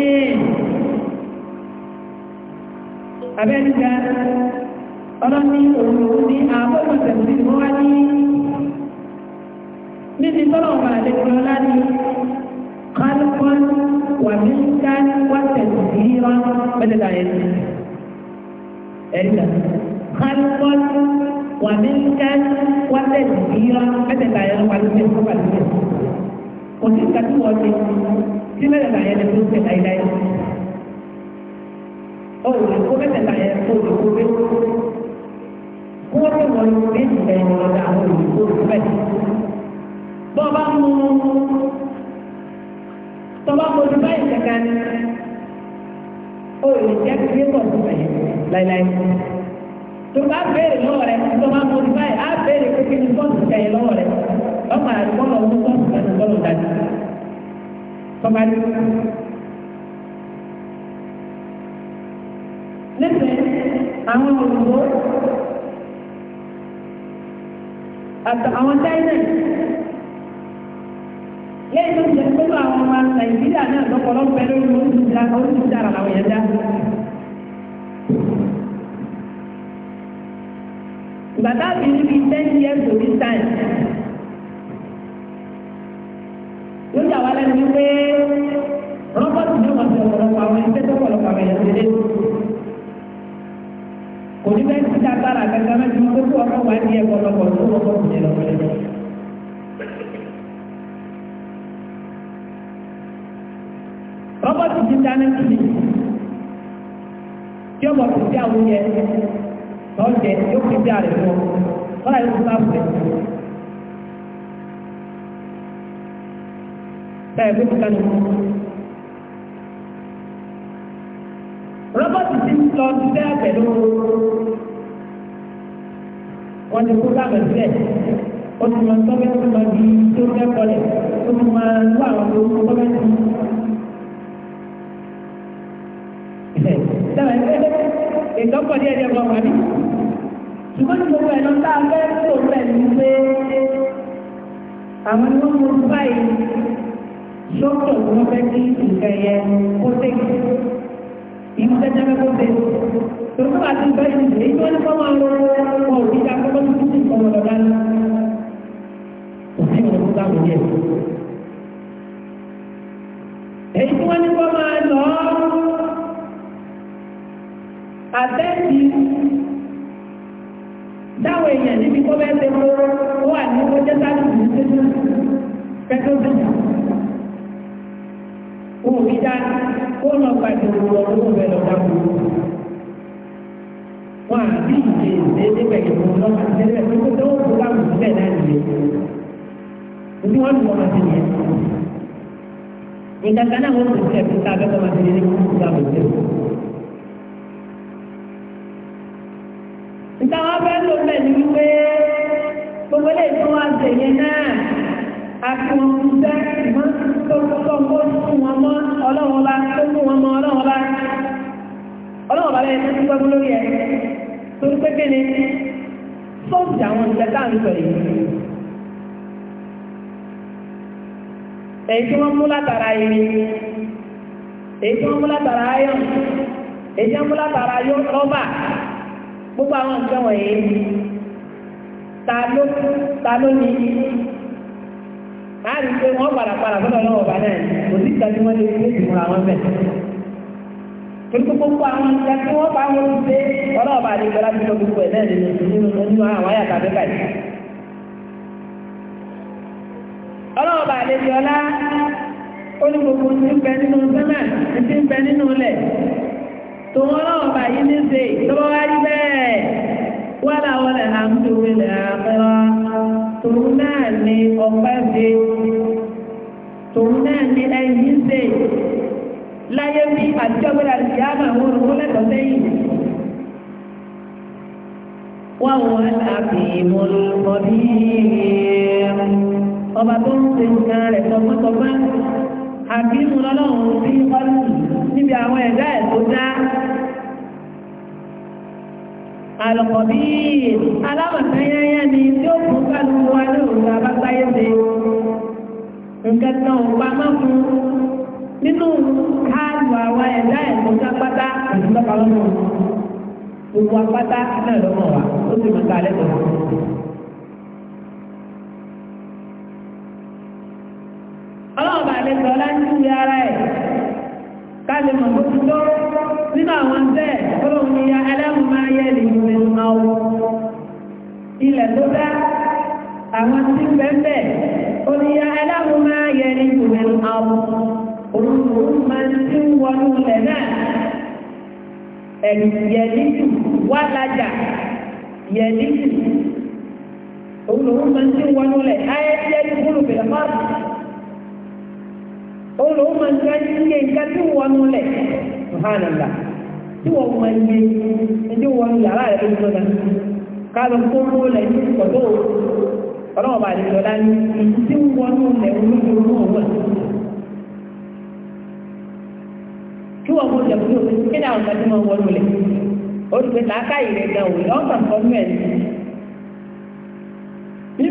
abẹ́ni ga ọlọ́run ní òun lòun ní àbọ̀mọ̀ tẹ̀sí ni wọ́n wá ní. níbi tọ́lọ̀ bá lè fi ọlá ní kálukọ́n wàbí kán wá tẹ̀sí yíyọ́ pẹ́lẹ́dà yẹn. ẹ̀rí kan kálukọ́n wàmíńkà wàtẹ̀ ìyá mẹ́tẹ̀ẹ̀ta yẹn wàlúùmẹ́ wàlúùmẹ́ kò sí ìka tí wọ́n ti tí mẹ́tẹ̀ẹ̀ta yẹn lè fún tẹ̀lá ilá yẹn ó lè kó mẹ́tẹ̀ẹ̀ta yẹn kó lè kó bẹ́ẹ̀ kó wọ́n ti wọ́n lè bẹ́ẹ̀ ní ọ̀dà àwọn olùkó bẹ́ẹ̀ bọ́ọ̀ bá mú tọ́ba kò báyìí kankan ó lè jẹ́ kí ẹ bọ̀ sí bẹ́ẹ̀ láíláí tó bá béèrè lọ́wọ́ rẹ tó bá mọ nípa ẹ̀ á béèrè pé kí ni bọ́ọ̀sì kẹyẹ lọ́wọ́ rẹ ọmọ àdúgbò ọmọ bọ́ọ̀sì kẹyẹ lọ́wọ́ dájú tọ́ba ní. nífẹ̀ẹ́ àwọn òyìnbó àti àwọn China lẹ́yìn tó ń jẹ́ pẹ̀lú àwọn ọmọ Nàìjíríà náà lọ́pọ̀lọpọ̀ lórí oṣù tí a kọ́ oṣù tí a rà làwọn yẹn dá. But that will be ten years to this time yóò yà wá lẹ́nu wípé rọ́bọ̀tì ní ọ̀sẹ̀ ọ̀pọ̀lọpọ̀ àwọn ẹgbẹ́ tó pọ̀lọpọ̀ àwọn ẹ̀yà tẹ̀lé kò ní bẹ́ẹ̀ ti dágbára kankan náà ti mú kókó ọkọ̀ wá ní ẹ̀kọ́ lọ́kọ̀ tó wọ́pọ̀ kò ní lọ́kọ̀ lẹ́yìn. rọ́bọ̀tì ti dáná kìlì tí ọmọ kò sí àwọn yẹn tọ́jẹ yóò fi bí àrẹ kọ́lá yóò sá fún ẹ̀. bẹ́ẹ̀ bí mo kánú. rọ́bọ̀tì ti ń lọ sílẹ̀ pẹ̀lú wọn ti kó lábẹ̀ sílẹ̀ ó ti máa tọ́ bẹ́ẹ̀ tó máa di tó fẹ́ kọlẹ̀ ó ti máa lú àwọn tó ń tọ́ bẹ́ẹ̀ tó. ìdọ́kọ̀ díẹ̀ díẹ̀ bọ̀ wá ní ṣùgbọ́n ní gbogbo ẹ̀nà tá a fẹ́ tó pẹ̀lú pé àwọn tó mú báyìí sọ́tọ̀ wọn fẹ́ kí nǹkan yẹn kó tẹ̀ ìlú tẹ́tẹ́ fẹ́ kó tẹ̀ tó tó bá ti bẹ́ ìlú èyí tó ní kọ́ máa lọ wọn ò ní ká kọ́ tó ti kọ́ wọn lọ́dá ní òfin òkúta wò yẹ. èyí tí wọ́n ní kọ́ máa lọ àtẹ́sí táwọn èèyàn níbi tó bẹ́ẹ̀ ṣe mú wà ní ó jẹ́ sáàtì ní títí pẹ̀lú bíjà wọn ò rí dá kó lọ gba ìdòwò ọdún bẹ́ẹ̀ lọ dá kúrò wọn à bí ìdè ìdè bẹ̀rẹ̀ mú lọ́wọ́ àti ẹgbẹ́ tó tó tó wà wù sílẹ̀ náà nìyẹn ní wọn lù wọn àti nìyẹn ìgbàgbọ́n náà wọn kò sí ẹ̀fíńtà abẹ́kọ̀ọ́ àti nìyẹn ní táwọn fẹ́ lò bẹ̀ ní wípé gbogbo lè tó wá jẹ̀yẹ náà àti wọn kú sẹ́ ìmọ̀ tó kọ́kọ́ kó fún wọn mọ́ ọlọ́wọ́ bá tó fún wọn mọ́ ọlọ́wọ́ bá ọlọ́wọ́ bá lẹ́yìn tó ti gbọ́ lórí ẹ̀ tó ń pé kéde fọ́ọ̀sì àwọn à ń sọ yìí èyí tí wọ́n mú látara irin èyí tí wọ́n mú látara ayọ̀ èyí tí wọ́n mú látara yọ rọ́bà gbogbo àwọn nǹkan wọ̀nyí ta ló ta ló ní pé wọ́n padà padà sọ́dọ̀ náà náà kò sí ìtàjú wọn lè fi ìmúra wọn bẹ̀. torí gbogbo àwọn nǹkan tí wọ́n wọn ní gbogbo ẹ̀ náà nínú nínú àwọn àyàtà bẹ́ẹ̀ báyìí. ọlá ó ní gbogbo ń bẹ nínú sẹ́mẹ̀ ń tòun ọlọ́run bá yí ní ṣe ìtọ́wọ́ wá rí bẹ́ẹ̀ wọ́n làwọn lè hàn tó wílẹ̀ àpẹẹrẹ tòun náà ní ọpẹ́ ṣe tòun náà ní ẹ̀yìn ṣe láyé bí àtijọ́ gbé la ti àmà àwọn olùkọ́lẹ́kọ̀ọ́ sẹ́yìn. wọ́n wọ́n àbí mọ́lùmọ́bí ọba tó ń ṣe nǹkan rẹ̀ tọmọtọmọ àbínú lọ́lọ́run sí ọ́lù níbi àwọn ẹ̀dá ẹ̀ tó dá àlọ́kọ̀ bí alámọ̀tán yányá ni tí ó kún kálù wa lóòrùn abágbáyé ṣe nǹkan kan ò pa mọ́ fún nínú káàlù àwọn ẹ̀dá ẹ̀ tó dá pátá ìdúgbà pàlọ́nù gbogbo apátá náà lọ́mọ wa ó sì mọ̀ ká lẹ́kọ̀ọ́ àlejò ọlájú ya ara ẹ̀ káàlì mọ̀mọ́tí tó nínú àwọn bẹ́ẹ̀ ọlọ́run ni ya ẹlẹ́rùn máa yẹ lè yìí lè máa wọ ilẹ̀ tó dá àwọn tí bẹ́ẹ̀ oníyà ẹlẹ́rùn máa yẹ lè yìí lè máa wọ òun òun máa ti ń wọnú ilẹ̀ náà ẹ̀yìn wá lájà yẹ̀líjù òun máa ti ń wọnú ilẹ̀ ayẹyẹ ìgbóhùn bẹ̀rẹ̀ máa òun lòun máa ń ga iye nǹkan tí wọ́n nu lẹ̀ ṣùhánàlá tí wọ́n máa ń yé ẹni wọ́n nu yàrá rẹ̀ lójú náà káàbọ̀ tó mú lẹ̀ ní ìkọ̀dọ̀ ọlọ́wọ́ bá lè lọ́la ní ìlú tí wọ́n nu lẹ̀ olójúmọ́ òun kí wọ́n mú lẹ̀ fún òun kí ni àwọn tí wọ́n wọ́n nu lẹ̀ olùgbé làákà ìrẹ̀ gan òun lọ́sàn-án fọ́nmẹ́ẹ̀ni nínú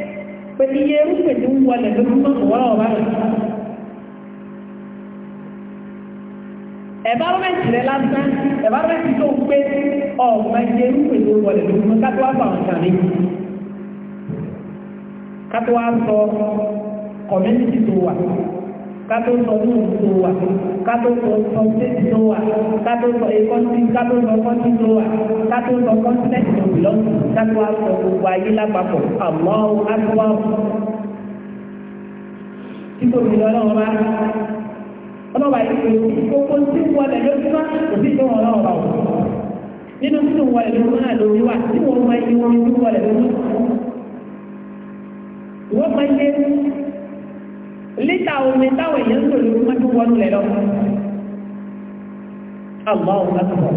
pé iye rúpè tí ń wọlé lórí mọ́nù wọ́n ọ̀bá rẹ̀ ẹ̀bárọ́mẹ̀tì rẹ̀ lásán ẹ̀bárọ́mẹ̀tì tó pé ọ̀gbà iye rúpè tó wọlé lórí mọ́nù kátó wá fà wọn kàn ní kátó wá sọ kọ̀mẹ́ntì tó wà kátó sọ ní òkú wa kátó sọ kọ́ńtẹ́tì tó wà kátó sọ ekọ́ntì kátó sọ kọ́ńtì tó wà kátó sọ kọ́ńtẹ́tì tó lọ kátó wà sọ gbogbo ayé lápapọ̀ àmọ́ àtúwà títò mi lọ náà ọlọ́wà yìí kò kókó tí wọ́n lẹ̀ lójú náà kò tó wọn náà wà o nínú tí wọ́n lẹ̀ lójú náà lórí wa tí wọ́n máa yí wọ́n lẹ̀ lójú wọ́n máa yé lítà omi táwọn èèyàn tó lórí mọ́tò wọ́n lẹ̀ lọ. àmọ́ òun láti bọ̀.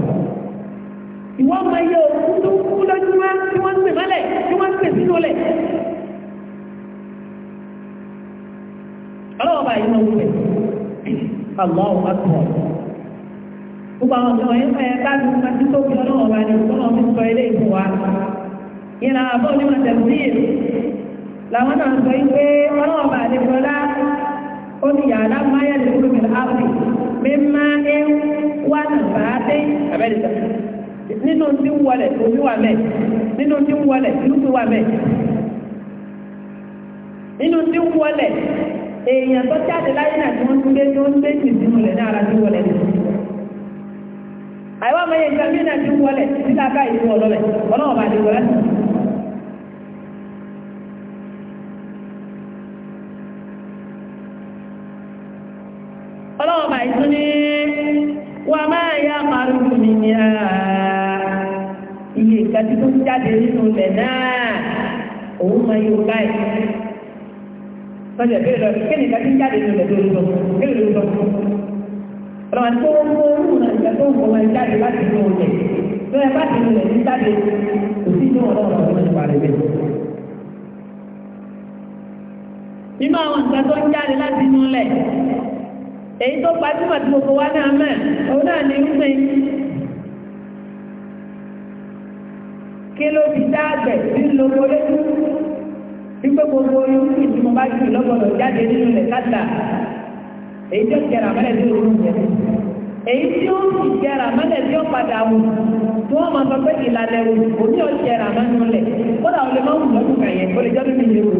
ìwọ́n máa yẹ òkú tó kú lójúmọ́ tí wọ́n ń pè mọ́lẹ̀ tí wọ́n ń pè sínú lẹ̀. ọlọ́wọ́ bá yìí máa ń pè. àmọ́ òun láti bọ̀. gbogbo àwọn ọ̀sán yẹn fẹ́ bá mi máa ti tóbi ọlọ́wọ́ bá ní ọlọ́wọ́ mi sọ ilé ìfowópamọ́. yẹn náà àbọ̀ ní láwọn náà sọ pé ọlọ́wọ́ bá lè fọlá ó ní yàrá máyà lè fún mi láàbì mi máa ń wá nàbà dé abẹ́rẹ́ nínú tí ń nwọle omi wà mẹ́ nínú tí ń wà mẹ́ nínú tí ń èèyàn tó jáde láyé náà tí wọ́n gbé tí wọ́n gbé sínú rẹ̀ náà ara tí ìgbà mí náà ń ìlú mi ni a iye nǹkan tí tó ń jáde nínú ilẹ̀ náà òun máa yóò báyìí lọ́jọ́ ìbéèrè lọ kí ni nǹkan tí ń jáde nínú ilẹ̀ tó ń lọ kí ni ló ń lọ. ọ̀rọ̀ àti tó ń mú òun náà nǹkan tó ń bọ̀ máa jáde láti inú ilẹ̀ tó yẹ láti inú ilẹ̀ ní jáde kò sí inú ọ̀rọ̀ ọ̀rọ̀ nípa rẹ̀ bẹ́ẹ̀. nínú àwọn nǹkan tó ń jáde láti inú ilẹ̀ èyí tó gbajúmọ̀ tí gbogbo wa náà mẹ́ òun náà ní kí ló fi dá àgbẹ̀ wípé gbogbo bá jù lọ́gbọ̀dọ̀ jáde nínú rẹ̀ káta èyí tó jẹrà mẹ́lẹ̀ tó rú jẹ èyí tí ó sì jẹrà mẹ́lẹ̀ tí ó padà wù tí wọ́n máa sọ pé ìlànà ẹ̀wù òní ó jẹrà mẹ́nu lẹ̀ kódà ó lè má wù lọ́dún kàyẹ̀ ó lè jọ́ lómi ìlú ewu.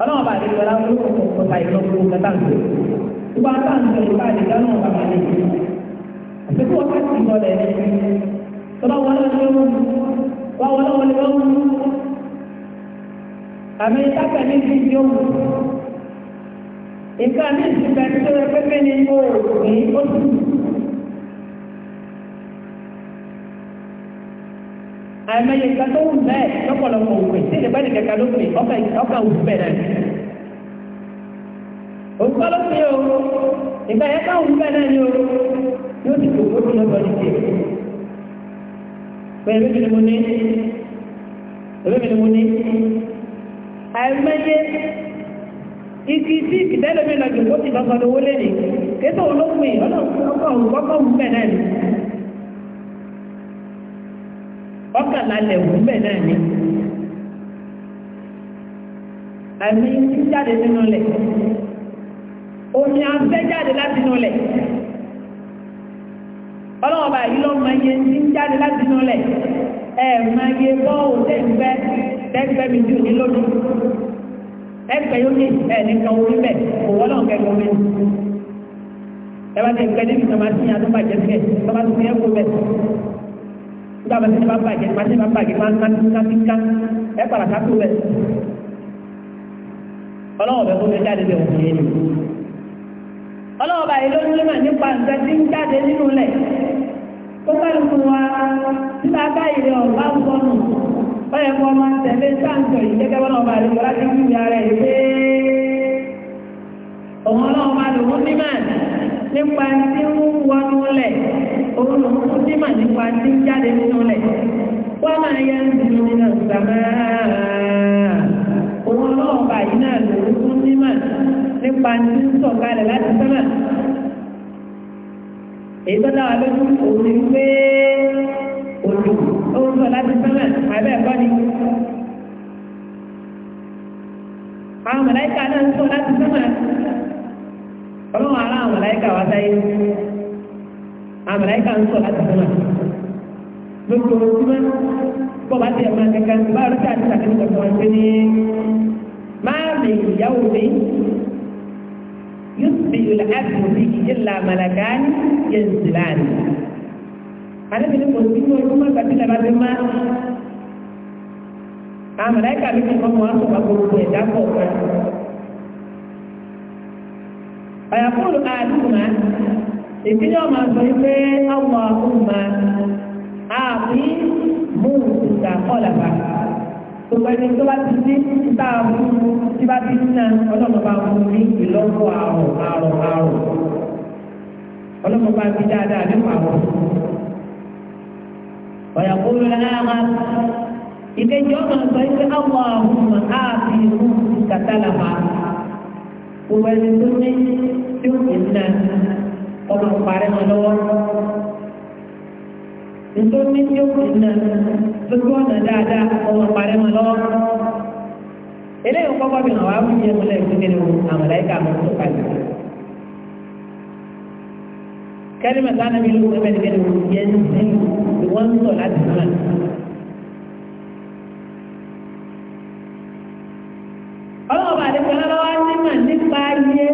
ọlọ́run bá tó bá tá à ń sọ ìgbà àdìgbà náà bàbá lè fi àti kí wọ́n fẹ́ ti lọ lẹ̀ tó bá wọlé lọ́wọ́ wá wọlé wọlé lọ́wọ́ àmì ìtàkà ní ti di òun ìka ní ìsìnkà tí ó yẹ ní òòrùn ní oṣù. àìmọye ìka tó wù bẹ́ẹ̀ lọ́pọ̀lọpọ̀ òwe tí ìdìbò ìdìkẹ́kẹ́ ló pè ọkà òwú bẹ́ẹ̀ náà. òǹkọ́ ló fi o ìgbà yẹn káwọn ń bẹ̀ náà ni o yóò ti kò kókó lọ́gbọ̀ ní ti pẹ̀lú mi ni mo ní pẹ̀lú mi ni mo ní àìmọye igi tí ìdẹ́lẹ́mi lọ jù kó ti lọ́gbọ̀ lówó lé ní kétò olókùn yìí ọkọ̀ ń bẹ̀ náà ni ọkà lálẹ̀ ń bẹ̀ náà ni àìmọye ti jáde nínú lẹ̀ omi afẹ́ jáde láti inú lẹ̀ ọlọ́ọ̀bà yìí lọ́ máa yẹ ní jáde láti inú lẹ̀ ẹ máa yẹ bọ́ọ̀ tẹ́gbẹ́ tẹ́gbẹ́ mi jù ní lónìí ẹgbẹ́ yóò ní ẹnìkan orí bẹ̀ kò wọ́n náà kẹ́kọ̀ọ́ mi ẹ bá ti gbẹ́ níbi tọ́ba sí yàtọ̀ bàjẹ́ bẹ́ẹ̀ tọ́ba sí ẹ̀kọ́ bẹ́ẹ̀ nígbà bá ti bá bàjẹ́ bá ti bá bàjẹ́ máa ń ká ká fi ká ẹ pàràkà tó bẹ́ẹ̀ ọlọ́wọ́ bẹ́ẹ̀ kó fẹ́ jáde bẹ́ẹ̀ òkú yẹn nìyí ọlọ́ọ̀bà yìí ló nílò nípa nǹkan tí ń jáde nínú lẹ̀ tó kálukú wa nípa báyìí rẹ̀ ọ̀bá sọnù ó yẹ kó ọmọ tẹ̀lé sáǹtọ̀ yìí gẹ́gẹ́ bọ́n ọba àdìgbò láti ń fi ara ẹ̀ pé òun ọlọ́ọ̀bà lòun nímọ̀ nípa tí ń wọnú lẹ̀ òun lòun nímọ̀ nípa tí ń jáde nínú lẹ̀ wọ́n máa yẹ ń dùn nínú nípa ní sọ̀kalẹ̀ láti sánà èyí tó dáwà lójú òun pé òjò ó ń sọ láti sánà àbẹ́ ẹ̀kọ́ ni àwọn mọ̀láìkà náà ń sọ láti sánà ọlọ́run ará àwọn mọ̀láìkà wá sáyé àwọn mọ̀láìkà ń sọ láti sánà lójú òun bọ́ba ti ẹ̀ máa kankan báwo ló ṣe àti sàkíní kọ̀ọ̀kan ṣe ní máa mi ìyàwó mi yusbihu al-abdu bihi illa malakani yanzilani àdébìnrin kò sí ní ojúmọ́ ìgbàdílẹ̀ bá ti máa àmàlẹ́kà mi ti mọ́mọ́ á sọ̀rọ̀ gbogbo ẹ̀dá pọ̀ kan. ọ̀yàfóònù àdúgbà ìpínlẹ̀ ọmọ àgbọ̀ ìpé ọmọ ọmọ àmì mú ìgbà kọ́làbà gbogbo ẹni tó bá ti dé tá a mú tí bá ti dínà ọlọ́mọba mú ní ìlọ́wọ́ àrò àrò àrò ọlọ́mọba ti dáadáa ní pàrọ̀. ọ̀yà kó lóra náà máa ìkejì ọmọ nǹkan ẹgbẹ́ àwọn àhùnmọ̀ ààbí ìlú kàtàlàmà gbogbo ẹni tó ní tí ó ti dínà ọmọ ìparẹ́ wọn lọ́wọ́ nítorí ní tí ó kù náà lójú ọ̀nà dáadáa ọmọ parẹ́ mọ́ lọ́wọ́. eléyìí kọ́kọ́ bí wọ́n wá fún yẹn múlẹ̀ kékeré o àwọn láìka àwọn tó kalẹ̀. kẹ́lí mẹ́ta náà bí lóko ẹgbẹ́ kékeré o yẹn ń sìn wọ́n ń sọ láti náà. ọlọ́wọ́ bá dé pẹ́lú ọlọ́wọ́ ní mà nípa iye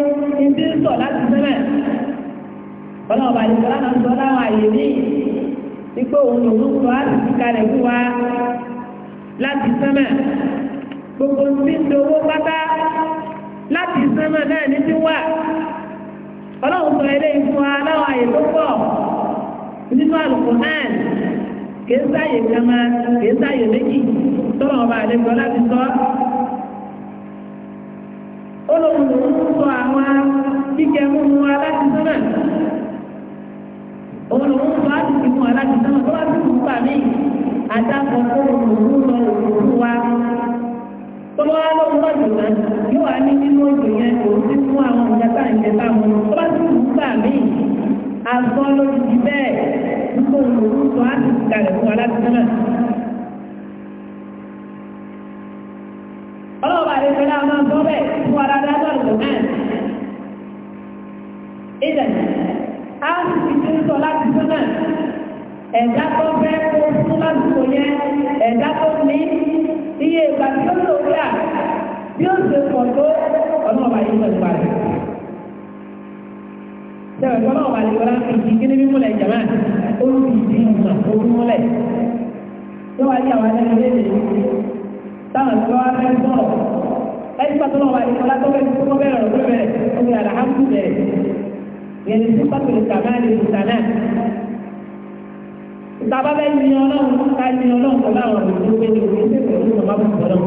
ìdí sọ láti náà. ọlọ́wọ́ bá dé pẹ́lú ọlọ́wọ́ àyè ní ipò òun lòun sọ àtìsí kalẹ̀ fún wa láti sánmà gbogbo ti ń dowó pátá láti sánmà náà ní ti wà ọlọ́run sọ eléyìí fún wa láwọn àyè tó pọ̀ nínú àlùkò náà kìí sáyè kama kìí sáyè méjì tọ́lọ̀ ọba àlejò láti sọ olóhùn lòun sọ àwọn kíkẹ́ mímú wa láti sánmà òun lòun sọ ti fún aláàbí sọ́nà tó bá ti fún fà mí àtàkùn tó òkú lọ òkú wa tó bá wá lóun bá jù náà yóò wá ní nínú òjò yẹn kò sí fún àwọn ìjàpá ìjẹta mu tó bá ti fún fà mí àgbọ̀ lórí ti bẹ́ẹ̀ nípa òkú tó á ti kalẹ̀ fún aláàbí sọ́nà. ọlọ́wọ́ àdéhùn náà máa gbọ́ bẹ́ẹ̀ fún aláàbí sọ́nà sọ láti fún náà ẹ̀dá tó fẹ́ kó fún lásìkò yẹn ẹ̀dá tó ní iye ìgbà tí ó lò wíyà bí ó ṣe pọ̀ tó ọ̀nà ọ̀bà yìí lọ ìgbà rẹ̀. Sẹ́wọ̀n tó náà wà lè wọlé ìdí kíní mímúlẹ̀ jàmáà ó ń fi ìdí ìmọ̀ ó mímúlẹ̀. Ṣé wàá ní àwọn ẹni léde táwọn ìgbà wá fẹ́ sọ̀rọ̀? Ẹ yẹn ní sípàtì ìtàmáàlì ìtànáà ìtàbá bẹ́ẹ̀ ní ọlọ́run ká ní ọlọ́run pẹ̀lú àwọn ọ̀rọ̀ tó ní orí ìṣẹ̀lẹ̀ ní ọmọ bàbá ọlọ́run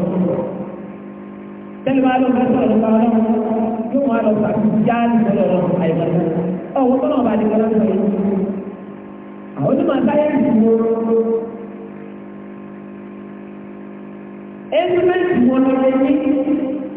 tẹ́lẹ̀ bá lọ́ọ́ bẹ́ẹ̀ nípa ọlọ́run yóò wá lọ sàkí já nípínlẹ̀ ọlọ́run àìbẹ̀rẹ̀ ọ̀wọ́ tọ́lọ̀ bá ní ọlọ́run sọ̀rọ̀ àwọn onímọ̀ sáyẹ́ ìdìbò ẹgbẹ́ ìdìbò lọ́lẹ́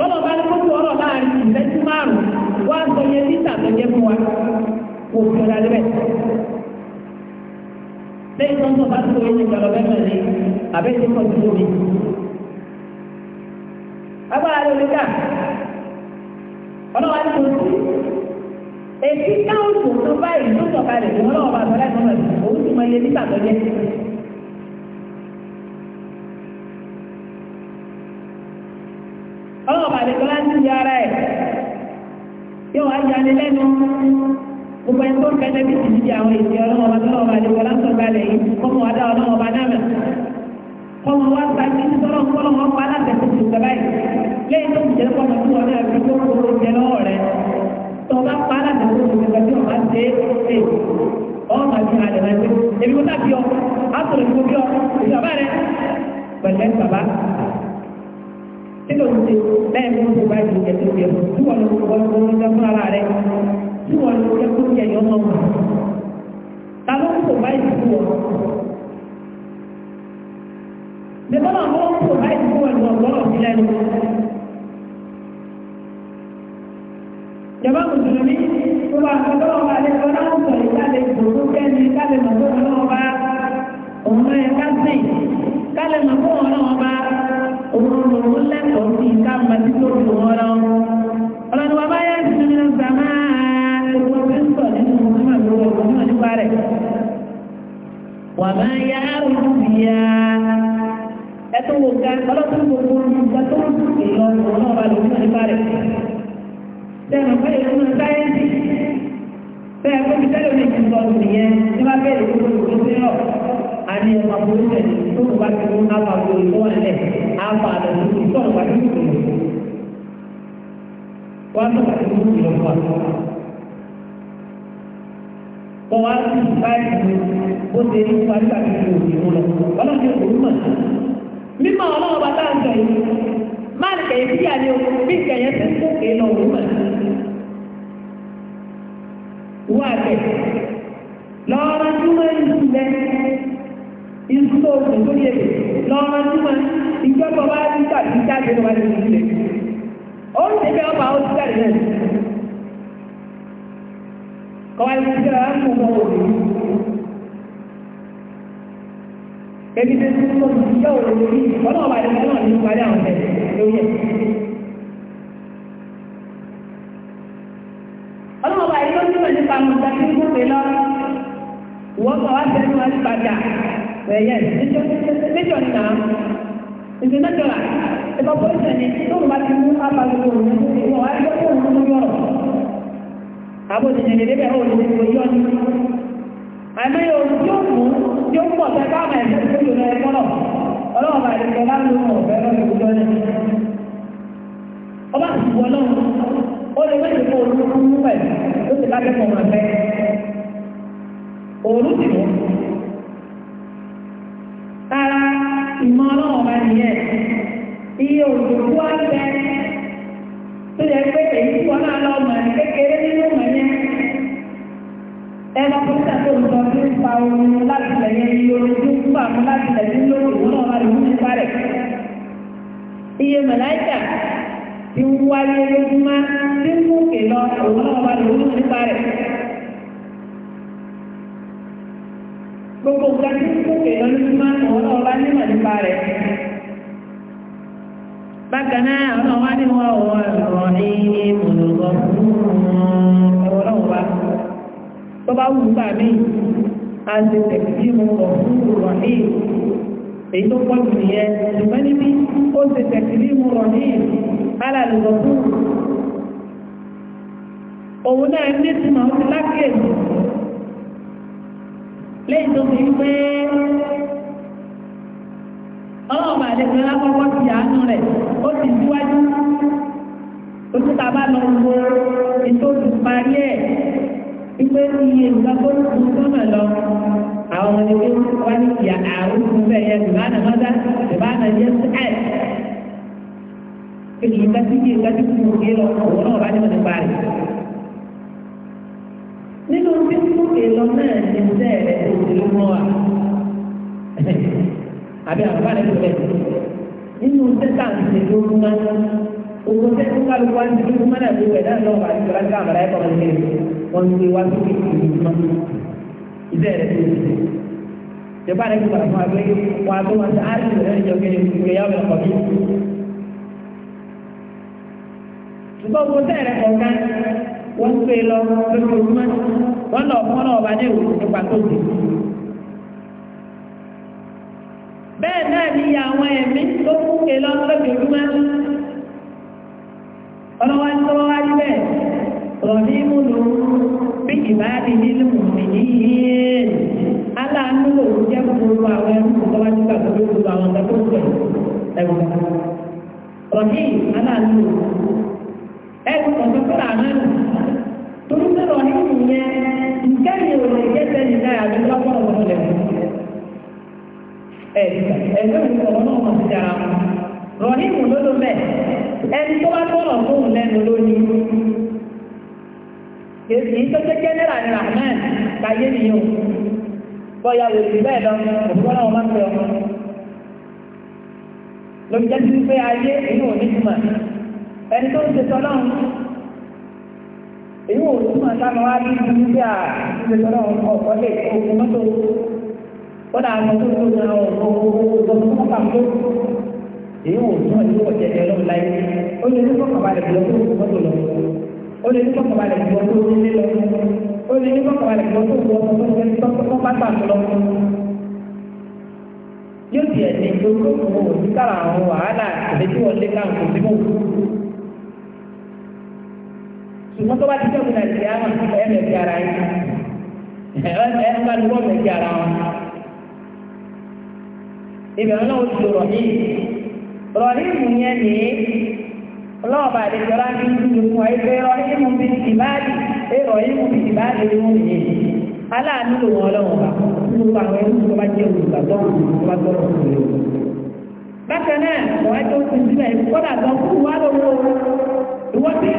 bọ́lá bá ní kókó ọ̀rọ̀ láàrin ìrẹsì márùn-ún wá sọ yẹn títà tó jẹ́ fún wa kò fi ra lẹ́bẹ̀. lẹ́yìn tó ń sọ bá tó yẹ ní ìjọba bẹ́ẹ̀ mẹ́rin àbẹ́ ti kọ́ dúró mi. agbára ló lè dà ọlọ́wà ní kò sí. èsì káwọn tó tó báyìí ló sọ̀kalẹ̀ ìwọ́n náà wà sọ́lá ìfọ̀mọ̀ láti ara ẹ̀ yóò wá jáde lẹ́nu gbogbo ẹni tó ń fẹ́lẹ́ bí ti di àwọn èdè ọlọ́mọ ọba tọ́lọ́ ọba àdìgbò lásán balẹ̀ yìí kọ́mọ wá dá ọlọ́mọ ọba náà mẹ́ kọ́mọ wá sáájú ní tọ́lọ́ kọ́lọ́ wọn pa alátẹ̀kù tó gbàgbá yìí lẹ́yìn tó ti jẹ́ kọ́mọ tó wọn náà fi tó kóró jẹ lọ́wọ́ rẹ̀ ń ṣe bẹ́ẹ̀ ni wọ́n ti bá ìlú ẹ̀sìn ìjẹ́ tí wọ́n lọ sí wọ́n lọ sí fún ara rẹ̀ tí wọ́n lọ sí fún ìjẹ́ yọmọ wọn. ta ló ń kó bá ìdìbò wọn. bẹ́ẹ̀ náà wọ́n ń bá ìdìbò wọn lọ gbọ́dọ̀ sí lẹ́nu. jọba mùsùlùmí tó bá a sọ lọ́wọ́ bá lè sọ láwọn sọ ìkálẹ̀ ìgbòho kẹ́ni kálẹ̀ mọ̀ tó bá òun náà yẹ ká sìn kálẹ̀ mọ̀ tó bá òun lòun lẹ́kọ̀ọ́ sí ká màtí tó fi wọ́n lọ. ọlọ́ni wa bá yá sí ní nínú sàmá gbogbo tí ń sọ nínú mùsùlùmá gbogbo mùsùlùmá nípa rẹ̀. wà má yá rùn sí ya ẹtọ́ wo ga ọlọ́tún gbogbo nǹkan tó ń sùn lọ òun náà bá lòun nípa rẹ̀. sẹ́nu pé èyí ń sáyẹ́ǹsì bẹ́ẹ̀ kó fi tẹ́lẹ̀ omi ti sọ̀rọ̀ nìyẹn ní bá bẹ́ẹ̀ lè ani ẹ̀ka burú tẹ̀ tó kò bá ti mú afa gbòòrò tó wà lẹ̀ afa àdàlù tó tó ọ̀nà wàdí tó lò wá tó wàdí tó wà. Kọ̀ wá sí báyìí ni ó ṣe ní wàdí àti ìlú òkè lọ. Wọ́n ti kò mọ̀. Mímọ̀ ọlọ́wọ́ bá tá à sọ yìí. Máa ní kẹ̀yẹ́ síyà ni o, bí ti kéé lọ òun mọ̀. Wọ́n àgbẹ̀ lọ́ọ́rọ́ tí wọ́n ń sùn lẹ́yìn. ìlú tó kù lórí èdè lọ́mọ tí ma ìjọba bá ti jà ti jáde lọ́wọ́ ní ìlú rẹ̀ ó ń tẹ̀lé ọba ó ti jáde náà kọ́wá ìlú tí a ń mú ọmọ òbí ebi tí ó tó kù yóò wò lórí ọlọ́wọ́ bá ti náà ní ìparí àwọn ẹ̀ lórí ẹ̀. ọlọ́wọ́ bá yìí ló ń tẹ̀lé nípa mọ̀ta tí ó ń pè lọ wọ́n kọ́ wá tẹ̀lé wọn nípa jà ẹ̀yẹ níjọ́ nìyà ìdí tó ń ti mú abalùkù òun ìwọ wá ẹgbẹ́ tó ń mú yọrọ àbò òdìdì ní bíbẹ̀ òun ní ìwọ yọ ni àìmọ́ yóò yóò mú yóò pọ̀ tẹ káàmà ẹ̀fẹ́ tó yọ lọ ẹ̀kọ́ lọ ọlọ́wọ́ bá ẹ̀dẹ̀ bá ló mọ̀ ọ̀fẹ́ lọ́dún ìwọ ni ọba ìwọ náà ó lè mẹ́jọ kó nìyẹn iye òdòdó àgbẹ̀ tó yẹ pé èyí tí náà lọ mọ̀ ní kékeré nínú mọ̀ yẹn ẹnu pọ́sítà tó ń sọ fún ipa omi láti iye ojú fún àwọn láti lẹ̀yẹ lórí òun náà láti mú nípa rẹ̀ iye mọ̀láìkà ti ń wáyé lójúmọ́ tí ń mókè lọ òun náà wà lórí nípa rẹ̀. gbogbo nǹkan tí ń mókè lọ lójúmọ́ òun náà wà nímọ̀ nípa rẹ̀ bákan náà ọ̀nà wá ní wọ́n wọ ẹ̀rọ ní ìmọ̀lọ́gbọ́ ẹ̀rọ náà wá tó bá wù gbà mí a ti tẹ̀sí mu pọ̀ fún ìrọ̀ ní èyí tó pọ̀ jù nìyẹn ṣùgbọ́n níbi ó ti tẹ̀sí mu rọ̀ ní alàlùbọ̀ fún òun náà ní tìmọ̀ ó ti lákèjì lẹ́yìn tó fi pé ọba àdéhùn lákọ́kọ́ ti àánú rẹ̀ ó ti síwájú oṣù tá a bá lọ wo ètò ìparí ẹ̀ ipe ti iye ìgbà tó kù sọ́nà lọ àwọn ọmọdé wá ní ìyá àrùn fún bẹ́ẹ̀ yẹn ìbáná mọ́tà ìbáná yẹn sí ẹ̀ kí ni ìgbà tí kí ìgbà tí kú yé lọ òun náà bá ní ọdún parí. nínú tí kú èlò náà ní sẹ́ẹ̀rẹ̀ tó ti lọ́wọ́ wa àbí àbá rẹ̀ tẹ̀lé nínú tẹ́tà ṣe ló ń mọ́ owó tẹ́tà kálukú wá ní ìlú mọ́nà ìlú ẹ̀dá lọ́wọ́ àti ìjọba tí àmàlà ẹ̀kọ́ wọn kéré wọn gbé wá sókè ìlú mọ́ ìbẹ́ rẹ̀ tó ṣe ìjọba rẹ̀ kúkọ̀ fún abẹ́ wọn àti wọn ti áàrùn rẹ̀ níjọ kéré ìgbé yàwó ẹ̀kọ́ mi. ṣùgbọ́n owó tẹ́ rẹ̀ kọ̀ọ̀kan wọ́n gbé lọ lórí òun mọ́ wọn lọ fọ́nà ọba ní ìwòsàn bẹ́ẹ̀ náà ni àwọn ẹ̀mí tó kúkè lọ lójoojúmọ́ gbogbo ẹ̀ẹ́dẹ́gbẹ̀rún ọ̀rọ̀ náà mọ̀ sí ara wọn rọ̀hìmù ló ló mẹ́ ẹni tó bá tọ̀rọ̀ fóun lẹ́nu lónìí èyí tó jẹ́ jẹ́nẹ́rà ní rahman káyé nìyó bọ́yá òsì bẹ́ẹ̀ lọ òṣùwọ́n náà máa ń pè ọmọ lórí jẹ́ sí pé ayé èyí ò ní túmọ̀ ẹni tó ń ṣe tọ́lọ́run èyí ò túmọ̀ sáwọn wá bí ibi tí a ń ṣe tọ́lọ́run ọ̀pọ̀ lè mọ́tò kódà àwọn tó tó náà wọ́n wọ́n tó kà tó èyí wò tó ẹni wọ́n jẹ ẹ̀rọ láyé ó lè ní kọ́kàbalẹ̀ bí wọ́n tó tó lọ ó lè ní kọ́kàbalẹ̀ bí wọ́n tó tó lọ ó lè ní kọ́kàbalẹ̀ bí wọ́n tó tó wọ́n tó tó tó bá gbà tó lọ. yóò tiẹ̀ ní olóògùn òbí kára àwọn wàhálà àbẹ́tí wọ́n lé káà kò sí mọ́ ṣùgbọ́n tó bá ti tẹ̀wé nàìjíríà ẹ̀mẹ̀tì ara yìí ẹ̀ẹ́dẹ́gbàdúgbò mẹ̀tì ara wọn ìbẹ̀rẹ̀ náà ó ti lò rọ̀hìn rọ̀hìn mú yẹn ní ọlọ́ọ̀bà àdéjọra ní ìlú fún ẹ pé rọ̀hìn mú bí ìbáàdì pé rọ̀hìn mú bí ìbáàdì ló ń yẹn aláàánú ló wọn ọlọ́wọ́n bá nínú àwọn ẹni tó bá jẹ́ olùgbàgbọ́ olùgbàgbọ́ olùgbàgbọ́ bákan náà wọ́n á jẹ́ oṣù sílẹ̀ kọ́dà gan fún wa lówó ìwọ́n ti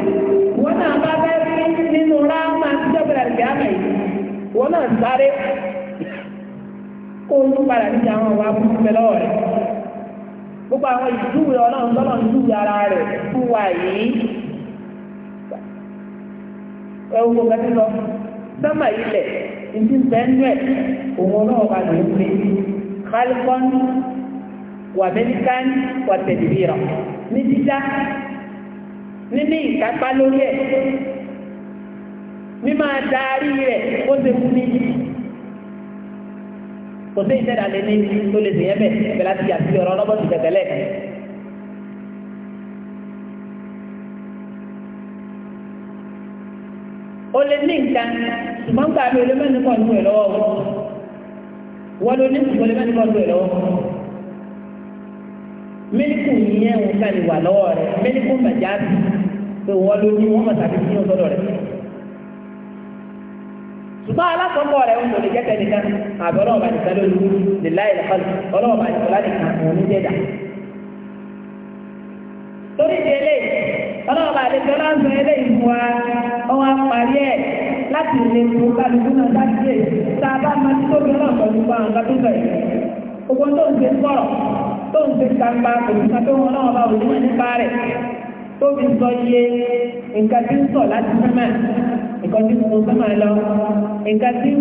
wọ́n náà bá fẹ́ rí nínú ráàmà tí ó bẹ̀rẹ̀ kó o tún padà níjà àwọn ọ̀wá fún ìfẹ́ lọ́wọ́ rẹ̀ gbogbo àwọn ìjúwe ọlọ́run tọ́lọ̀ ń júwe ara rẹ̀ fún wa yìí ẹ̀wù gbogbo ẹni lọ sẹ́mà ilẹ̀ ìdí bẹ́ẹ̀nù ẹ̀ òun ọlọ́run bá lòún gbé kálífọ́n wà mẹ́díkán wà tẹ̀lébìrà ní dídá níní ìkápá lórí ẹ̀ mímáa darí rẹ̀ ó ti fún mi kò sí ìṣẹ̀dá lé ní tó lè sèyẹ́ bẹ̀ bẹ̀ láti yà sí ọ̀rọ̀ rọ́bọ̀tì tẹ̀tẹ̀lẹ̀. o lè ní nǹkan ṣùgbọ́n gbà mí olómẹ́ni kan ju ẹ̀ lọ́wọ́ wọ́n ló ní ṣùgbọ́n olómẹ́ni kan ju ẹ̀ lọ́wọ́ mílíkù yẹn ń kàlí wà lọ́wọ́ rẹ̀ mílíkù mẹ̀jáàbì pé wọ́n ló ní wọ́n mọ̀ tàbí sí ọ̀sọ́dọ̀ rẹ̀. ṣùgbọ́n alákọ̀ọ́kọ́ rẹ̀ ń lòlẹ̀ jẹ́ tẹnìkan àbí ọlọ́ọ̀bà nìkan ló lù lè láì lọ́kọ̀lù ọlọ́ọ̀bà nìkan nìkan òun ní jẹ́dà. torí ti eléyìí ọlọ́ọ̀bà nìkan ló ń sọ eléyìí wa ọwọ́ ẹ̀ láti lè fún kálukú náà tá a bá tó bí ọlọ́ọ̀bà tó ń nǹkan tí mo sọ́mà lọ nǹkan tí ń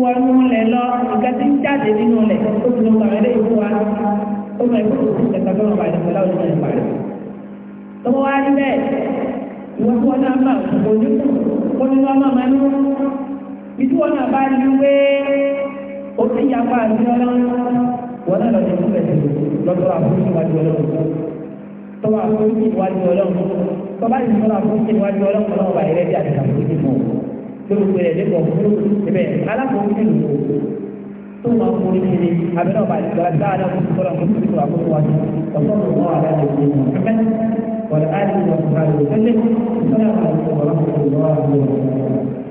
wọnú lẹ̀ lọ nǹkan tí ń jáde nínú lẹ̀ ó ti lọ́wọ́ àwọn eléyìí fún wa ó mọ ìfowópamọ́ sí ìjẹta tó wà ní ìpínlẹ̀ òní ìgbà rẹ̀. tọ́wọ́ wá rí bẹ́ẹ̀ ìwọ́n tí wọ́n náà máa kò ní kó ní wọ́n máa máa ní bí tí wọ́n bá rí wé ó ti yá pa àti ọlọ́run wọ́n náà lọ́ọ́ bàbá yìí sọ́la fún ṣe wájú ọlọ́pàá ọba yẹn lẹ́dí àtìkà fún ìdìbò lórúkọ rẹ̀ lẹ́kọ̀ọ́ fún ibẹ̀ alákòókò ìlú tó máa ń forí kiri abẹ́rẹ́ ọba ìgbà dáadáa fún sọ́la fún ìdìbò àkókò wájú ọ̀sán ọ̀gbọ́n àdáyé ìdìbò